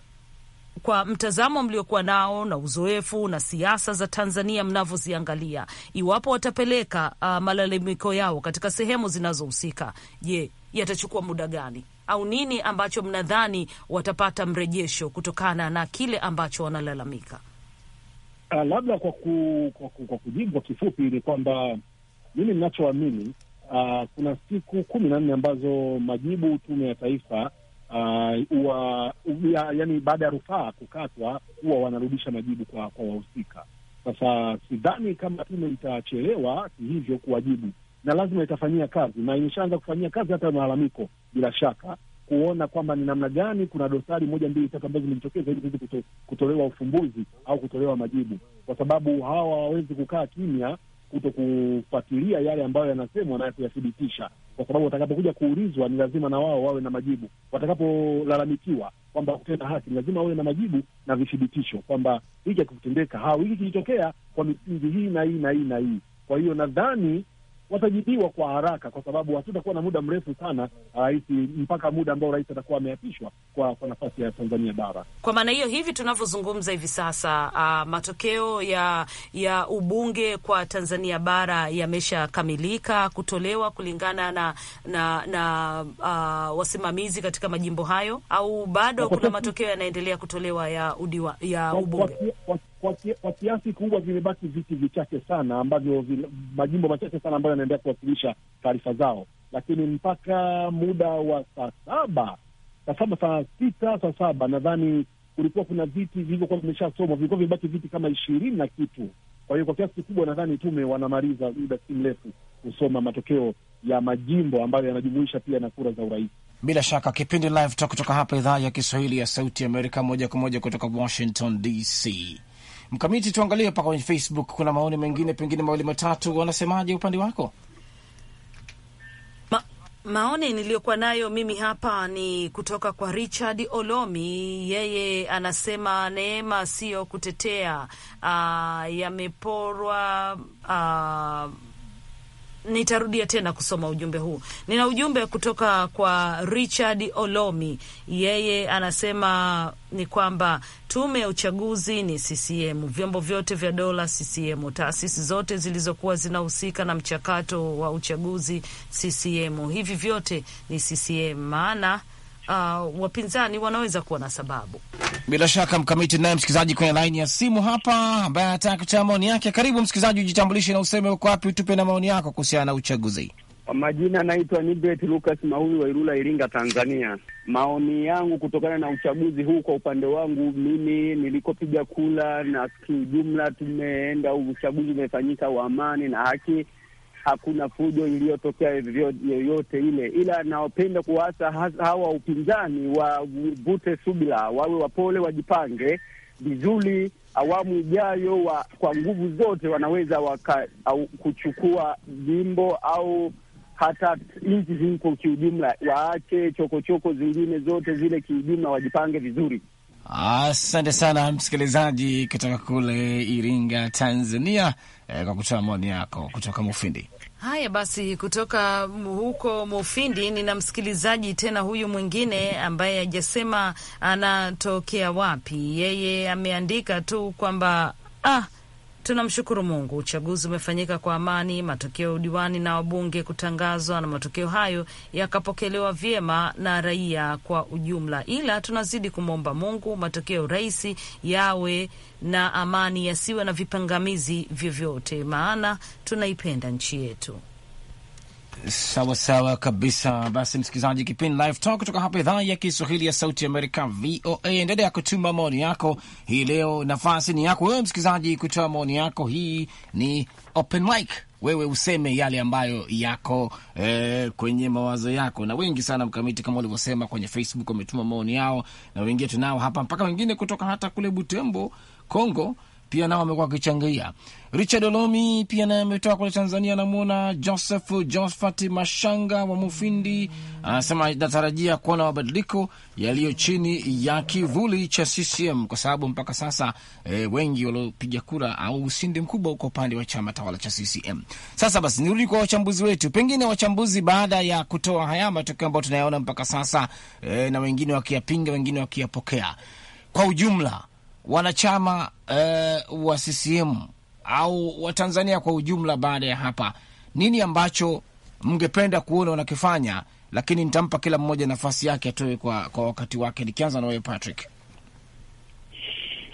kwa mtazamo mliokuwa nao na uzoefu na siasa za Tanzania mnavyoziangalia, iwapo watapeleka uh, malalamiko yao katika sehemu zinazohusika, je, yatachukua muda gani? au nini ambacho mnadhani watapata mrejesho kutokana na kile ambacho wanalalamika? Uh, labda kwa, ku, kwa, ku, kwa kujibu kwa kifupi ni kwamba mimi ninachoamini uh, kuna siku kumi na nne ambazo majibu Tume ya Taifa ah, huwa uh, yani baada ya rufaa kukatwa huwa wanarudisha majibu kwa kwa wahusika. Sasa sidhani kama tume itachelewa hivyo kuwajibu na lazima itafanyia kazi na imeshaanza kufanyia kazi, hata malalamiko bila shaka, kuona kwamba ni namna gani kuna dosari moja mbili tatu ambazo zimejitokeza ili ziweze kuto, kutolewa ufumbuzi au kutolewa majibu, kwa sababu hawa hawawezi kukaa kimya kuto kufuatilia yale ambayo yanasemwa na kuyathibitisha, kwa sababu watakapokuja kuulizwa ni lazima na wao wawe na majibu. Watakapolalamikiwa kwamba kutenda haki, ni lazima wawe na majibu na vithibitisho kwamba hiki hakikutendeka, hao hiki kilitokea kwa misingi hii na hii na hii na hii. Kwa hiyo nadhani watajibiwa kwa haraka, kwa sababu hatutakuwa na muda mrefu sana uh, rais, mpaka muda ambao rais atakuwa ameapishwa kwa, kwa nafasi ya Tanzania bara. Kwa maana hiyo, hivi tunavyozungumza hivi sasa, uh, matokeo ya ya ubunge kwa Tanzania bara yameshakamilika kutolewa kulingana na na, na uh, wasimamizi katika majimbo hayo, au bado kuna matokeo yanaendelea kutolewa ya udiwa, ya ubunge kwa, kwa, kwa, kwa kiasi kikubwa vimebaki viti vichache sana ambavyo majimbo machache sana ambayo yanaendelea kuwasilisha taarifa zao, lakini mpaka muda wa saa saba saa saba saa sita saa saba nadhani kulikuwa kuna viti vilivyokuwa vimeshasomwa, vilikuwa vimebaki viti kama ishirini na kitu. Kwa hiyo kwa kiasi kikubwa nadhani tume wanamaliza muda si mrefu kusoma matokeo ya majimbo ambayo yanajumuisha pia na kura za urais. Bila shaka kipindi Live Talk kutoka hapa idhaa ya Kiswahili ya Sauti ya Amerika, moja kwa moja kutoka Washington DC. Mkamiti, tuangalie mpaka kwenye Facebook, kuna maoni mengine pengine mawili matatu, wanasemaje upande wako? Maoni niliyokuwa nayo mimi hapa ni kutoka kwa Richard Olomi. Yeye anasema neema siyo kutetea, ah, yameporwa ah, nitarudia tena kusoma ujumbe huu. Nina ujumbe kutoka kwa Richard Olomi, yeye anasema ni kwamba tume ya uchaguzi ni CCM, vyombo vyote vya dola CCM, taasisi zote zilizokuwa zinahusika na mchakato wa uchaguzi CCM, hivi vyote ni CCM maana uh, wapinzani wanaweza kuwa na sababu. Bila shaka mkamiti naye msikilizaji kwenye laini ya simu hapa, ambaye anataka kutoa maoni yake. Karibu msikilizaji, ujitambulishe na useme uko wapi, utupe na maoni yako kuhusiana na uchaguzi. Kwa majina naitwa Nibet Lucas Mahuyu wa Irula, Iringa, Tanzania. Maoni yangu kutokana na uchaguzi huu, kwa upande wangu mimi nilikopiga kula, na kiujumla tumeenda, uchaguzi umefanyika wa amani na haki hakuna fujo iliyotokea yoyote ile, ila nawapenda kuwaasa hawa upinzani wavute subila, wawe wapole, wajipange vizuri. Awamu ijayo wa, kwa nguvu zote wanaweza waka, au, kuchukua jimbo au hata nchi ziko kiujumla, waache chokochoko zingine zote zile kiujumla, wajipange vizuri. Asante sana msikilizaji kutoka kule Iringa, Tanzania, eh, kwa kutoa maoni yako kutoka Mufindi. Haya basi, kutoka huko Mufindi nina msikilizaji tena huyu mwingine ambaye hajasema anatokea wapi. Yeye ameandika tu kwamba ah Tunamshukuru Mungu, uchaguzi umefanyika kwa amani, matokeo ya udiwani na wabunge kutangazwa, na matokeo hayo yakapokelewa vyema na raia kwa ujumla. Ila tunazidi kumwomba Mungu matokeo ya urais yawe na amani, yasiwe na vipangamizi vyovyote, maana tunaipenda nchi yetu. Sawa sawa kabisa. Basi msikilizaji, kipindi Live Talk kutoka hapa idhaa ya Kiswahili ya Sauti Amerika, VOA. Endelea kutuma maoni yako hii leo, nafasi ni yako wewe msikilizaji kutoa maoni yako. Hii ni open mic, wewe useme yale ambayo yako eh, kwenye mawazo yako. Na wengi sana mkamiti, kama ulivyosema kwenye Facebook wametuma maoni yao, na wengine tunao hapa mpaka wengine kutoka hata kule Butembo, Kongo pia nao wamekuwa wakichangia. Richard Olomi pia naye ametoka kule Tanzania, anamwona Joseph Josephat Mashanga wa Mufindi, anasema natarajia kuona mabadiliko yaliyo chini ya kivuli cha CCM kwa sababu mpaka sasa e, wengi waliopiga kura au ushindi mkubwa uko upande wa chama tawala cha CCM. Sasa basi nirudi kwa wachambuzi wetu, pengine wachambuzi baada ya kutoa haya matokeo ambayo tunayaona mpaka sasa e, na wengine wakiyapinga, wengine wakiyapokea kwa ujumla wanachama uh, wa CCM au Watanzania kwa ujumla, baada ya hapa, nini ambacho mngependa kuona wanakifanya? Lakini nitampa kila mmoja nafasi yake atoe kwa, kwa wakati wake, nikianza na wewe Patrick.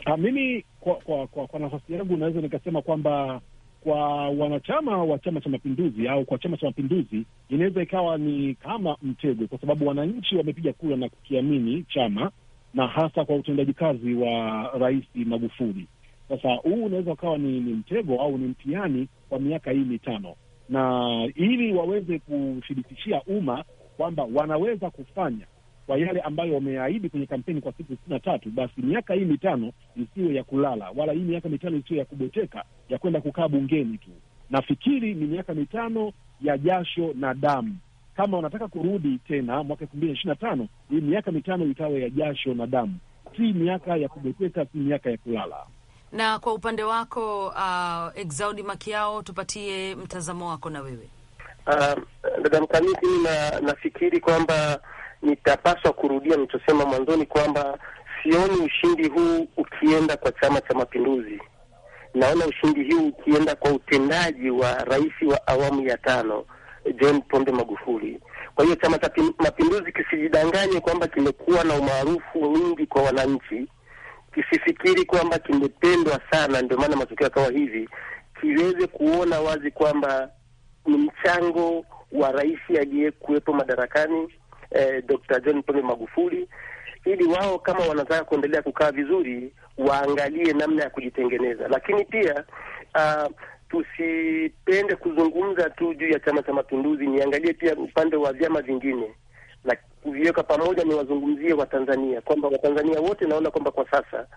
Ah, mimi kwa, kwa, kwa, kwa nafasi yangu naweza nikasema kwamba kwa wanachama wa Chama cha Mapinduzi au kwa Chama cha Mapinduzi inaweza ikawa ni kama mtego, kwa sababu wananchi wamepiga kura na kukiamini chama na hasa kwa utendaji kazi wa Rais Magufuli. Sasa huu unaweza ukawa ni, ni mtego au ni mtihani kwa miaka hii mitano, na ili waweze kuthibitishia umma kwamba wanaweza kufanya kwa yale ambayo wameahidi kwenye kampeni kwa siku sitini na tatu, basi miaka hii mitano isiyo ya kulala, wala hii miaka mitano isiyo ya kuboteka ya kwenda kukaa bungeni tu. Nafikiri ni miaka mitano ya jasho na damu kama wanataka kurudi tena mwaka elfu mbili na ishirini na tano hii miaka mitano ikawe ya jasho na damu, si miaka ya kubeteka, si miaka ya kulala. Na kwa upande wako uh, Exaudi Makiao, tupatie mtazamo wako na wewe. Um, Dada uh, Mkamiti, na nafikiri kwamba nitapaswa kurudia nilichosema mwanzoni kwamba sioni ushindi huu ukienda kwa Chama cha Mapinduzi. Naona ushindi huu ukienda kwa utendaji wa rais wa awamu ya tano John Pombe Magufuli. Kwa hiyo Chama cha Mapinduzi kisijidanganye kwamba kimekuwa na umaarufu mwingi kwa wananchi, kisifikiri kwamba kimependwa sana, ndio maana matokeo yakawa hivi, kiweze kuona wazi kwamba ni mchango wa rais aliyekuwepo madarakani eh, Dr. John Pombe Magufuli, ili wao kama wanataka kuendelea kukaa vizuri waangalie namna ya kujitengeneza, lakini pia uh, tusipende kuzungumza tu juu ya Chama cha Mapinduzi, niangalie pia upande wa vyama vingine na kuviweka pamoja, niwazungumzie Watanzania kwamba Watanzania wote naona kwamba kwa sasa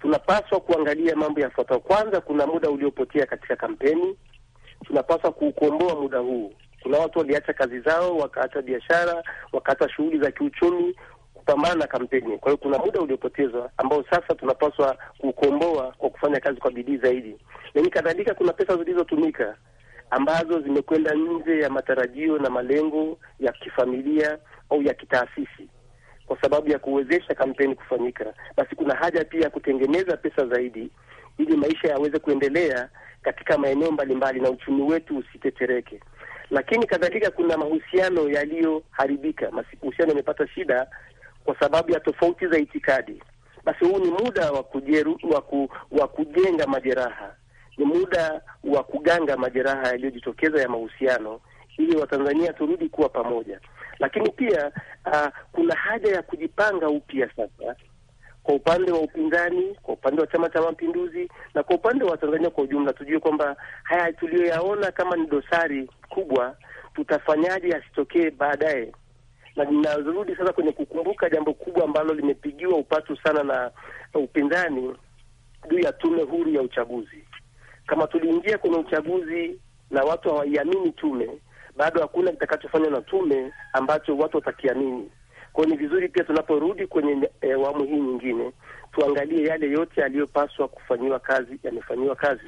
tunapaswa kuangalia mambo yafuatayo. Kwanza, kuna muda uliopotea katika kampeni, tunapaswa kuukomboa muda huu. Kuna watu waliacha kazi zao, wakaacha biashara, wakaacha shughuli za kiuchumi, kupambana na kampeni. Kwa hiyo kuna muda uliopotezwa ambao sasa tunapaswa kukomboa kwa kufanya kazi kwa bidii zaidi, lakini kadhalika kuna pesa zilizotumika ambazo zimekwenda nje ya matarajio na malengo ya kifamilia au ya kitaasisi kwa sababu ya kuwezesha kampeni kufanyika. Basi kuna haja pia ya kutengeneza pesa zaidi ili maisha yaweze kuendelea katika maeneo mbalimbali na uchumi wetu usitetereke. Lakini kadhalika kuna mahusiano yaliyoharibika, mahusiano yamepata shida kwa sababu ya tofauti za itikadi, basi huu ni muda wa kujeru, wa kujenga majeraha, ni muda wa kuganga majeraha yaliyojitokeza ya mahusiano, ili Watanzania turudi kuwa pamoja. Lakini pia uh, kuna haja ya kujipanga upya sasa kwa upande wa upinzani, kwa upande wa Chama cha Mapinduzi na kwa upande wa Tanzania kwa ujumla, tujue kwamba haya tuliyoyaona kama ni dosari kubwa, tutafanyaje asitokee baadaye? na ninarudi sasa kwenye kukumbuka jambo kubwa ambalo limepigiwa upatu sana na upinzani juu ya tume huru ya uchaguzi. Kama tuliingia kwenye uchaguzi na watu hawaiamini tume, bado hakuna kitakachofanywa na tume ambacho watu watakiamini. kwao ni vizuri pia tunaporudi kwenye eh, awamu e, hii nyingine tuangalie yale yote yaliyopaswa kufanyiwa kazi yamefanyiwa kazi,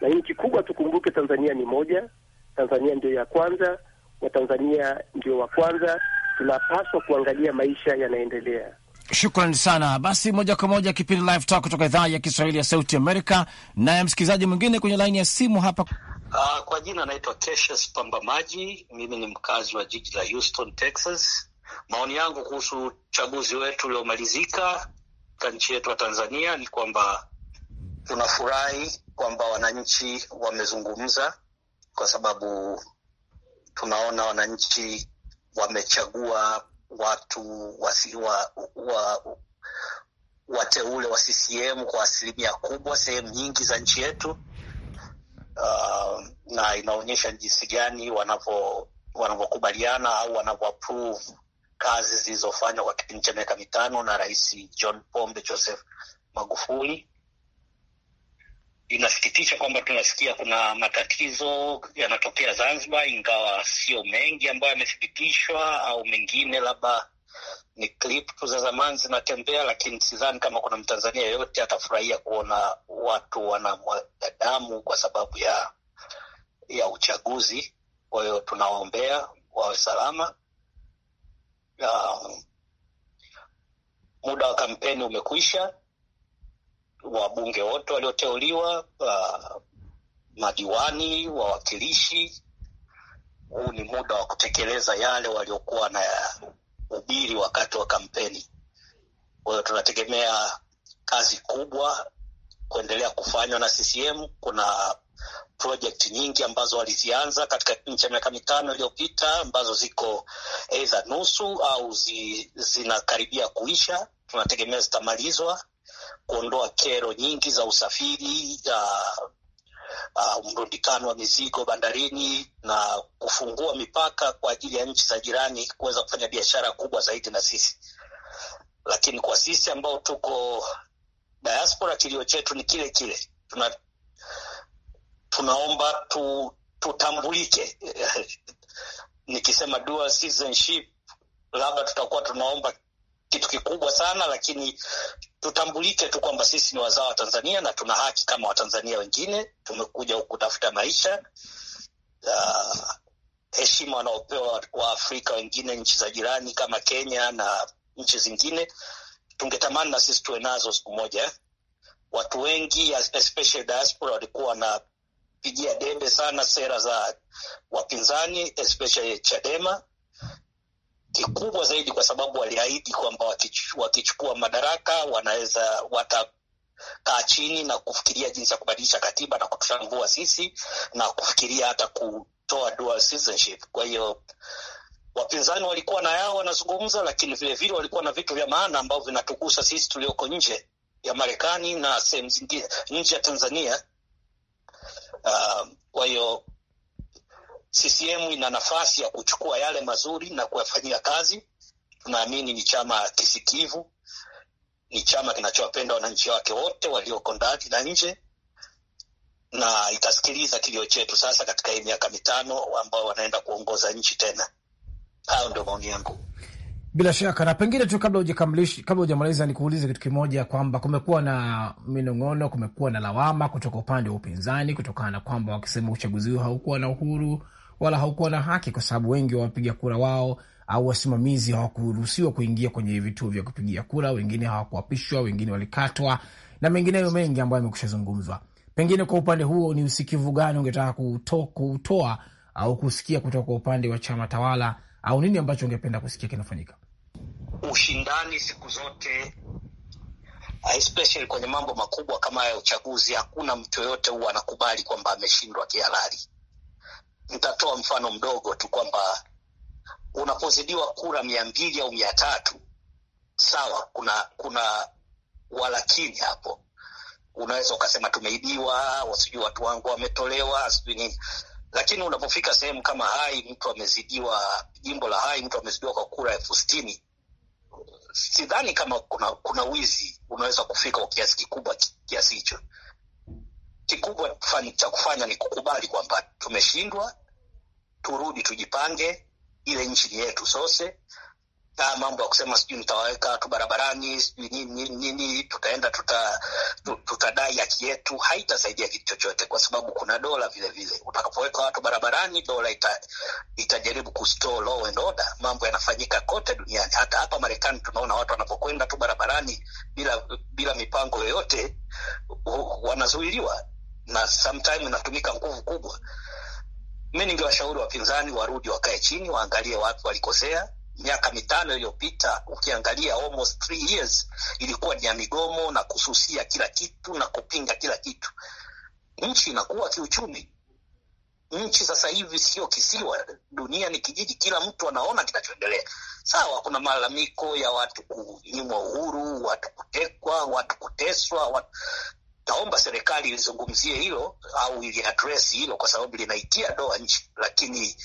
lakini kikubwa tukumbuke, Tanzania ni moja. Tanzania ndio ya kwanza, Watanzania ndio wa kwanza tunapaswa kuangalia maisha yanaendelea. Shukran sana. Basi moja kwa moja kipindi Live Talk kutoka idhaa ya Kiswahili ya Sauti Amerika. Naye msikilizaji mwingine kwenye laini ya simu hapa. Uh, kwa jina naitwa Pamba Maji, mimi ni mkazi wa jiji la Houston, Texas. Maoni yangu kuhusu uchaguzi wetu uliomalizika katika nchi yetu ya Tanzania ni kwamba tunafurahi kwamba wananchi wamezungumza, kwa sababu tunaona wananchi wamechagua watu wasi, wa, wa, wateule wa CCM kwa asilimia kubwa sehemu nyingi za nchi yetu. Uh, na inaonyesha jinsi gani wanavyo wanavyokubaliana au wanavyoapprove kazi zilizofanywa kwa kipindi cha miaka mitano na Rais John Pombe Joseph Magufuli Inasikitisha kwamba tunasikia kuna matatizo yanatokea Zanzibar, ingawa sio mengi ambayo yamethibitishwa, au mengine labda ni klip tu za zamani zinatembea, lakini sidhani kama kuna Mtanzania yoyote atafurahia kuona watu wanamwaga damu kwa sababu ya ya uchaguzi. Kwa hiyo tunawaombea wawe salama. Um, muda wa kampeni umekwisha wabunge wote walioteuliwa, uh, madiwani, wawakilishi. Huu ni muda wa kutekeleza yale waliokuwa na ubiri wakati wa kampeni. Kwa hiyo tunategemea kazi kubwa kuendelea kufanywa na CCM. Kuna projekti nyingi ambazo walizianza katika kipindi cha miaka mitano iliyopita ambazo ziko aidha nusu au zi, zinakaribia kuisha. Tunategemea zitamalizwa kuondoa kero nyingi za usafiri uh, uh, mrundikano wa mizigo bandarini na kufungua mipaka kwa ajili ya nchi za jirani kuweza kufanya biashara kubwa zaidi na sisi. Lakini kwa sisi ambao tuko diaspora, kilio chetu ni kile kile, tuna tunaomba tu, tutambulike. [laughs] Nikisema dual citizenship, labda tutakuwa tunaomba kitu kikubwa sana, lakini tutambulike tu kwamba sisi ni wazao wa Tanzania na tuna haki kama Watanzania wengine. Tumekuja huku kutafuta maisha. Uh, heshima wanaopewa Waafrika wengine nchi za jirani kama Kenya na nchi zingine, tungetamani na sisi tuwe nazo siku moja. Watu wengi especially diaspora walikuwa wanapigia debe sana sera za wapinzani especially Chadema kikubwa zaidi, kwa sababu waliahidi kwamba wakichukua madaraka wanaweza wata kaa chini na kufikiria jinsi ya kubadilisha katiba na kututambua sisi na kufikiria hata kutoa dual citizenship. Kwa hiyo wapinzani walikuwa na yao wanazungumza, lakini vilevile walikuwa na vitu vya maana ambavyo vinatugusa sisi tulioko nje ya Marekani na sehemu zingine nje ya Tanzania. Ah, kwa uh, hiyo CCM ina nafasi ya kuchukua yale mazuri na kuyafanyia kazi. Tunaamini ni chama kisikivu, ni chama kinachowapenda wananchi wake wote walioko ndani na nje, na itasikiliza kilio chetu sasa katika hii miaka mitano ambao wanaenda kuongoza nchi tena. Hayo ndio maoni yangu. Bila shaka na pengine tu kabla hujakamilisha, kabla hujamaliza, nikuulize kitu kimoja kwamba kumekuwa na minong'ono, kumekuwa na lawama kutoka upande wa upinzani kutokana na kwamba wakisema uchaguzi huu haukuwa na uhuru, wala haukuwa na haki, kwa sababu wengi wa wapiga kura wao au wasimamizi hawakuruhusiwa kuingia kwenye vituo vya kupigia kura, wengine hawakuapishwa, wengine walikatwa na mengineyo mengi ambayo amekusha zungumzwa. Pengine kwa upande huo, ni usikivu gani ungetaka kuutoa au kusikia kutoka kwa upande wa chama tawala, au nini ambacho ungependa kusikia kinafanyika? Ushindani siku zote especially kwenye mambo makubwa kama ya uchaguzi, hakuna mtu yoyote huwa anakubali kwamba ameshindwa kihalali nitatoa mfano mdogo tu kwamba unapozidiwa kura mia mbili au mia tatu sawa, kuna kuna walakini hapo, unaweza ukasema tumeibiwa, wasijui watu wangu wametolewa, sijui nini. Lakini unapofika sehemu kama Hai, mtu amezidiwa, jimbo la Hai mtu amezidiwa kwa kura elfu sitini sidhani kama kuna kuna wizi unaweza kufika kwa kiasi kikubwa kiasi hicho. Kikubwa cha kufanya ni kukubali kwamba tumeshindwa, turudi, tujipange, ile nchi ni yetu sose na mambo ya kusema sijui nitawaweka watu barabarani sijui nini nini, tutaenda tuta tutadai haki yetu, haitasaidia kitu chochote, kwa sababu kuna dola vile vile. Utakapoweka watu barabarani, dola ita, itajaribu kustore law and order. Mambo yanafanyika kote duniani, hata hapa Marekani tunaona watu wanapokwenda tu barabarani bila bila mipango yoyote wanazuiliwa na sometime inatumika nguvu kubwa. Mi ningewashauri wapinzani warudi, wakae chini, waangalie wapi walikosea. Miaka mitano iliyopita ukiangalia, almost three years ilikuwa ni ya migomo na kususia kila kitu na kupinga kila kitu. Nchi inakuwa kiuchumi, nchi sasa hivi sio kisiwa, dunia ni kijiji, kila mtu anaona kinachoendelea. Sawa, kuna malalamiko ya watu kunyimwa uhuru, watu kutekwa, watu kuteswa, watu Naomba serikali ilizungumzie hilo au iliadres hilo, kwa sababu linaitia doa nchi. Lakini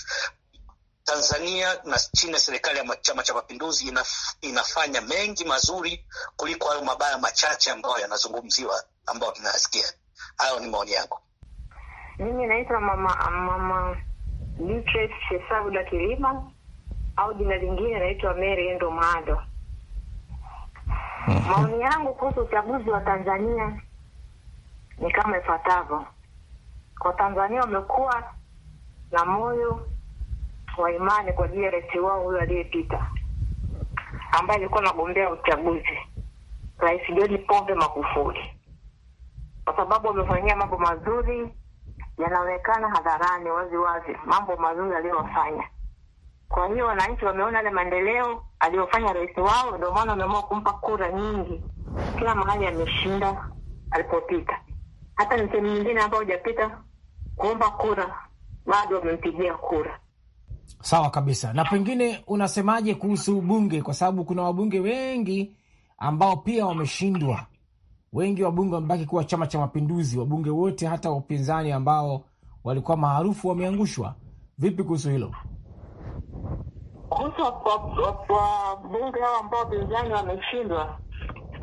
Tanzania na chini ya serikali ya Chama cha Mapinduzi inaf, inafanya mengi mazuri kuliko hayo mabaya machache ambayo yanazungumziwa ambayo tunayasikia. Hayo ni maoni yangu. Mimi naitwa mama mama Beatrice Kilima au jina lingine naitwa Mary Endo Mado. Mm-hmm. Maoni yangu kuhusu uchaguzi wa Tanzania ni kama ifuatavyo. Watanzania wamekuwa na moyo wa imani kwa ajili ya rais wao huyo aliyepita, ambaye alikuwa anagombea uchaguzi, Rais John Pombe Magufuli, kwa sababu wamefanyia mambo mazuri, yanaonekana hadharani wazi wazi, mambo mazuri aliyofanya. Kwa hiyo wananchi wameona yale maendeleo aliyofanya rais wao, ndio maana wameamua kumpa kura nyingi. Kila mahali ameshinda alipopita hata ni sehemu nyingine ambao hujapita kuomba kura bado wamempigia kura. Sawa kabisa. Na pengine unasemaje kuhusu ubunge, kwa sababu kuna wabunge wengi ambao pia wameshindwa. Wengi wabunge wamebaki kuwa Chama cha Mapinduzi, wabunge wote, hata wapinzani ambao walikuwa maarufu wameangushwa. Vipi kuhusu hilo? Kuhusu wabunge hao ambao wapinzani wameshindwa,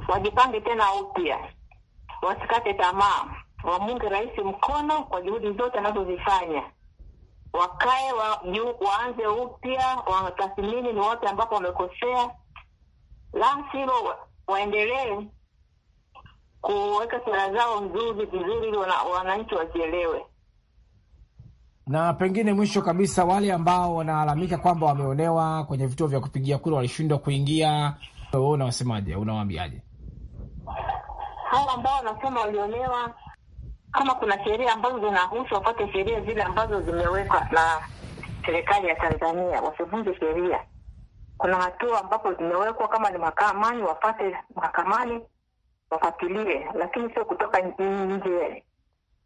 wajipange tena upya, wasikate tamaa wamunge rais mkono kwa juhudi zote anazozifanya, wakae wa, waanze upya, watathmini ni wote ambapo wamekosea, la sivyo waendelee kuweka sera zao nzuri vizuri, ili wananchi wazielewe. Na pengine mwisho kabisa, wale ambao wanalalamika kwamba wameonewa kwenye vituo vya kupigia kura, walishindwa kuingia, wewe unawasemaje? Unawaambiaje hao ambao wanasema walionewa? kama kuna sheria ambazo zinahusu wapate sheria zile ambazo zimewekwa na serikali ya Tanzania, wasivunje sheria. Kuna hatua ambapo zimewekwa, kama ni mahakamani, wapate mahakamani, wafatilie lakini sio kutoka nje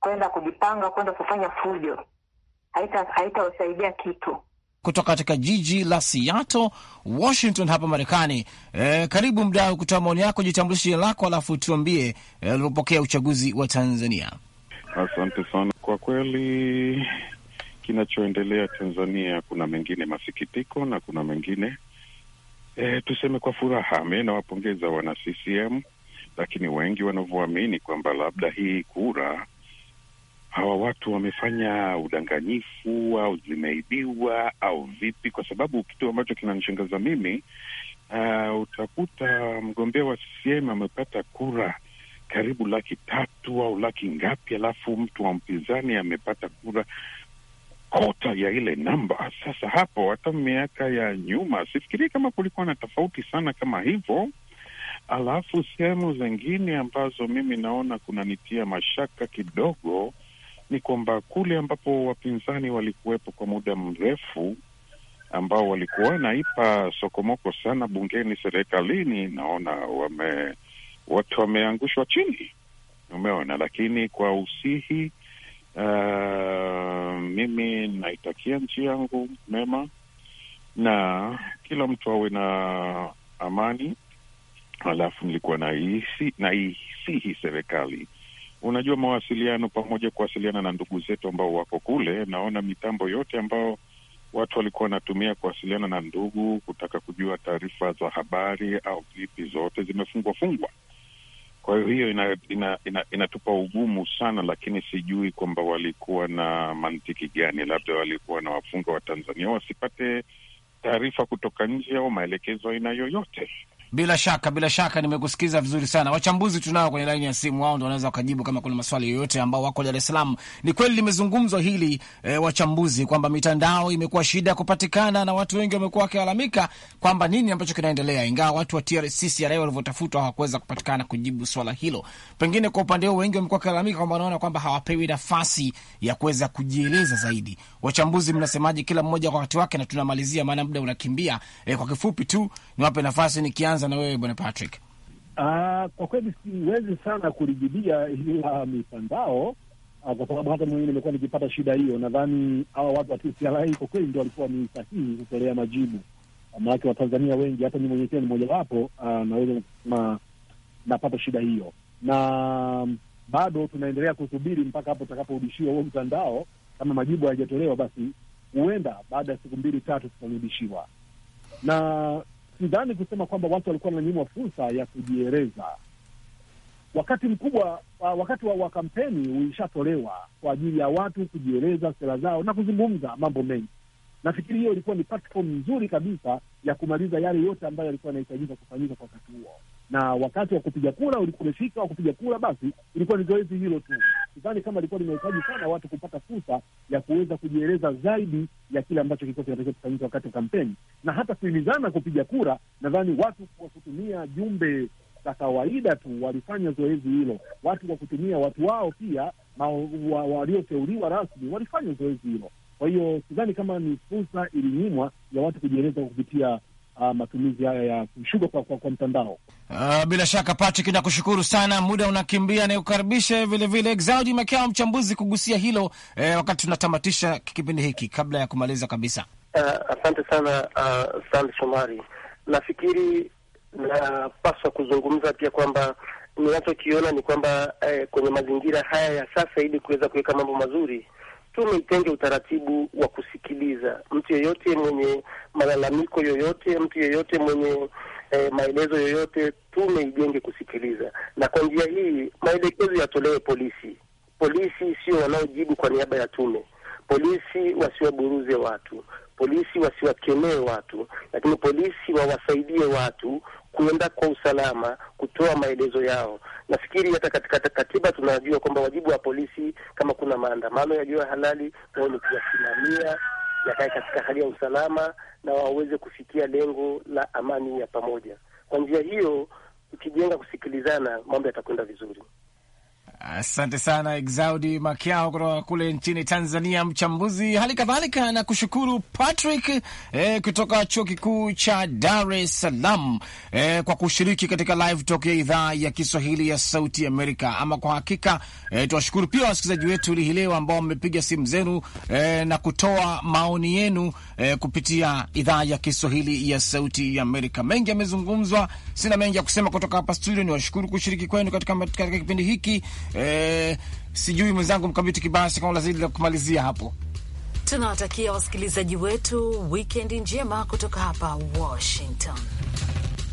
kwenda kujipanga, kwenda kufanya fujo, haitawasaidia haita kitu. Kutoka katika jiji la Seattle, Washington hapa Marekani. E, karibu mdau kutoa maoni yako, jitambulishe jina lako, alafu tuambie eh, ulipopokea uchaguzi wa Tanzania. Asante sana. Kwa kweli kinachoendelea Tanzania, kuna mengine masikitiko na kuna mengine e, tuseme kwa furaha. Mi nawapongeza wana CCM, lakini wengi wanavyoamini kwamba labda hii kura hawa watu wamefanya udanganyifu au zimeibiwa au vipi, kwa sababu kitu ambacho kinanishangaza mimi uh, utakuta mgombea wa CCM amepata kura karibu laki tatu au laki ngapi, alafu mtu wa mpinzani amepata kura kota ya ile namba. Sasa hapo, hata miaka ya nyuma sifikirii kama kulikuwa na tofauti sana kama hivyo. Alafu sehemu zingine ambazo mimi naona kunanitia mashaka kidogo ni kwamba kule ambapo wapinzani walikuwepo kwa muda mrefu, ambao walikuwa naipa sokomoko sana bungeni, serikalini, naona wame watu wameangushwa chini, umeona. Lakini kwa usihi, uh, mimi naitakia nchi yangu mema na kila mtu awe na amani. alafu nilikuwa naihisi naisihi serikali, unajua mawasiliano, pamoja kuwasiliana na ndugu zetu ambao wako kule. Naona mitambo yote ambao watu walikuwa wanatumia kuwasiliana na ndugu, kutaka kujua taarifa za habari au vipi, zote zimefungwa fungwa. Kwa hiyo hiyo inatupa ina, ina, ina ugumu sana, lakini sijui kwamba walikuwa na mantiki gani, labda walikuwa na wafunga wa Tanzania wasipate taarifa kutoka nje au maelekezo aina yoyote. Bila shaka, bila shaka, nimekusikiza vizuri sana. Wachambuzi tunao kwenye laini ya simu, wao ndo wanaweza wakajibu kama kuna maswali yoyote, ambao wako Dar es Salaam. Ni kweli limezungumzwa hili e, wachambuzi kwamba mitandao imekuwa shida ya kupatikana na watu wengi wamekuwa wakilalamika kwamba nini ambacho kinaendelea, ingawa watu wa TRC TCRA walivyotafutwa hawakuweza kupatikana kujibu swala hilo. Pengine kwa upande huo wengi wamekuwa wakilalamika kwamba wanaona kwamba hawapewi nafasi ya kuweza kujieleza zaidi. Wachambuzi mnasemaje? Kila mmoja kwa wakati wake, na tunamalizia maana muda unakimbia. E, kwa kifupi tu niwape nafasi nikianza tukianza na wewe bwana Patrick. Uh, kwa kweli siwezi sana kulijibia hili mitandao ah, kwa sababu hata mwenyewe nimekuwa nikipata shida hiyo. Nadhani hawa watu wa TCRA kwa kweli ndio walikuwa ni sahihi kutolea majibu, maanake Watanzania wengi, hata mi mwenyewe ni mojawapo, ah, naweza kusema napata shida hiyo, na mm, bado tunaendelea kusubiri mpaka hapo utakaporudishiwa huo mtandao. Kama majibu hayajatolewa, basi huenda baada ya siku mbili tatu tutarudishiwa na sidhani kusema kwamba watu walikuwa wananyimwa fursa ya kujieleza. Wakati mkubwa uh, wakati wa kampeni ulishatolewa kwa ajili ya watu kujieleza sera zao na kuzungumza mambo mengi. Nafikiri hiyo ilikuwa ni platform nzuri kabisa ya kumaliza yale yote ambayo yalikuwa yanahitajika kufanyika kwa wakati huo na wakati wa kupiga kura ulikuwa umefika wa kupiga kura, basi ilikuwa ni zoezi hilo tu. Sidhani kama ilikuwa linahitaji sana watu kupata fursa ya kuweza kujieleza zaidi ya kile ambacho kilikuwa kinatakiwa kufanyika wakati wa kampeni, na hata kuhimizana kupiga kura. Nadhani watu kwa kutumia jumbe za kawaida tu walifanya zoezi hilo, watu kwa kutumia watu wao pia walioteuliwa rasmi walifanya zoezi hilo. Kwa hiyo sidhani kama ni fursa ilinyimwa ya watu kujieleza kupitia uh, matumizi haya ya kushuka kwa, kwa, kwa mtandao. Uh, bila shaka Patrick, nakushukuru sana, muda unakimbia. Nakukaribisha vilevile Exaudi Makao, mchambuzi, kugusia hilo eh, wakati tunatamatisha kipindi hiki kabla ya kumaliza kabisa. Uh, asante sana uh, Sande Shomari. Nafikiri napaswa kuzungumza pia kwamba ninachokiona ni kwamba eh, kwenye mazingira haya ya sasa, ili kuweza kuweka mambo mazuri tume itenge utaratibu wa kusikiliza mtu yeyote mwenye malalamiko yoyote, mtu yeyote mwenye eh, maelezo yoyote, tume ijenge kusikiliza, na kwa njia hii maelekezo yatolewe polisi. Polisi sio wanaojibu kwa niaba ya tume, polisi wasiwaburuze watu polisi wasiwakemee watu, lakini polisi wawasaidie watu kuenda kwa usalama, kutoa maelezo yao. Nafikiri hata katika katiba tunajua kwamba wajibu wa polisi kama kuna maandamano yaliyo halali, wao ni kuyasimamia yakae katika hali ya usalama na waweze kufikia lengo la amani ya pamoja. Kwa njia hiyo, ukijenga kusikilizana, mambo yatakwenda vizuri. Asante sana Exaudi Makiao kutoka kule nchini Tanzania, mchambuzi hali kadhalika, na kushukuru Patrick e, kutoka chuo kikuu cha Dar es Salaam e, kwa kushiriki katika live talk ya idhaa ya Kiswahili ya Sauti Amerika. Ama kwa hakika e, tuwashukuru pia wasikilizaji wetu hii leo ambao mmepiga simu zenu e, na kutoa maoni yenu e, kupitia idhaa ya Kiswahili ya Sauti ya Amerika. Mengi yamezungumzwa, sina mengi ya kusema kutoka hapa studio. Ni washukuru kushiriki kwenu katika, katika kipindi hiki eh, sijui mwenzangu Mkamiti kibasi kama lazidi la kumalizia hapo. Tunawatakia wasikilizaji wetu wikendi njema kutoka hapa Washington.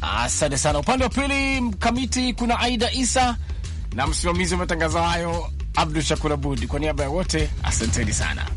Asante sana. Upande wa pili Mkamiti, kuna Aida Isa na msimamizi wa matangazo hayo Abdu Shakur Abud. Kwa niaba ya wote, asanteni sana.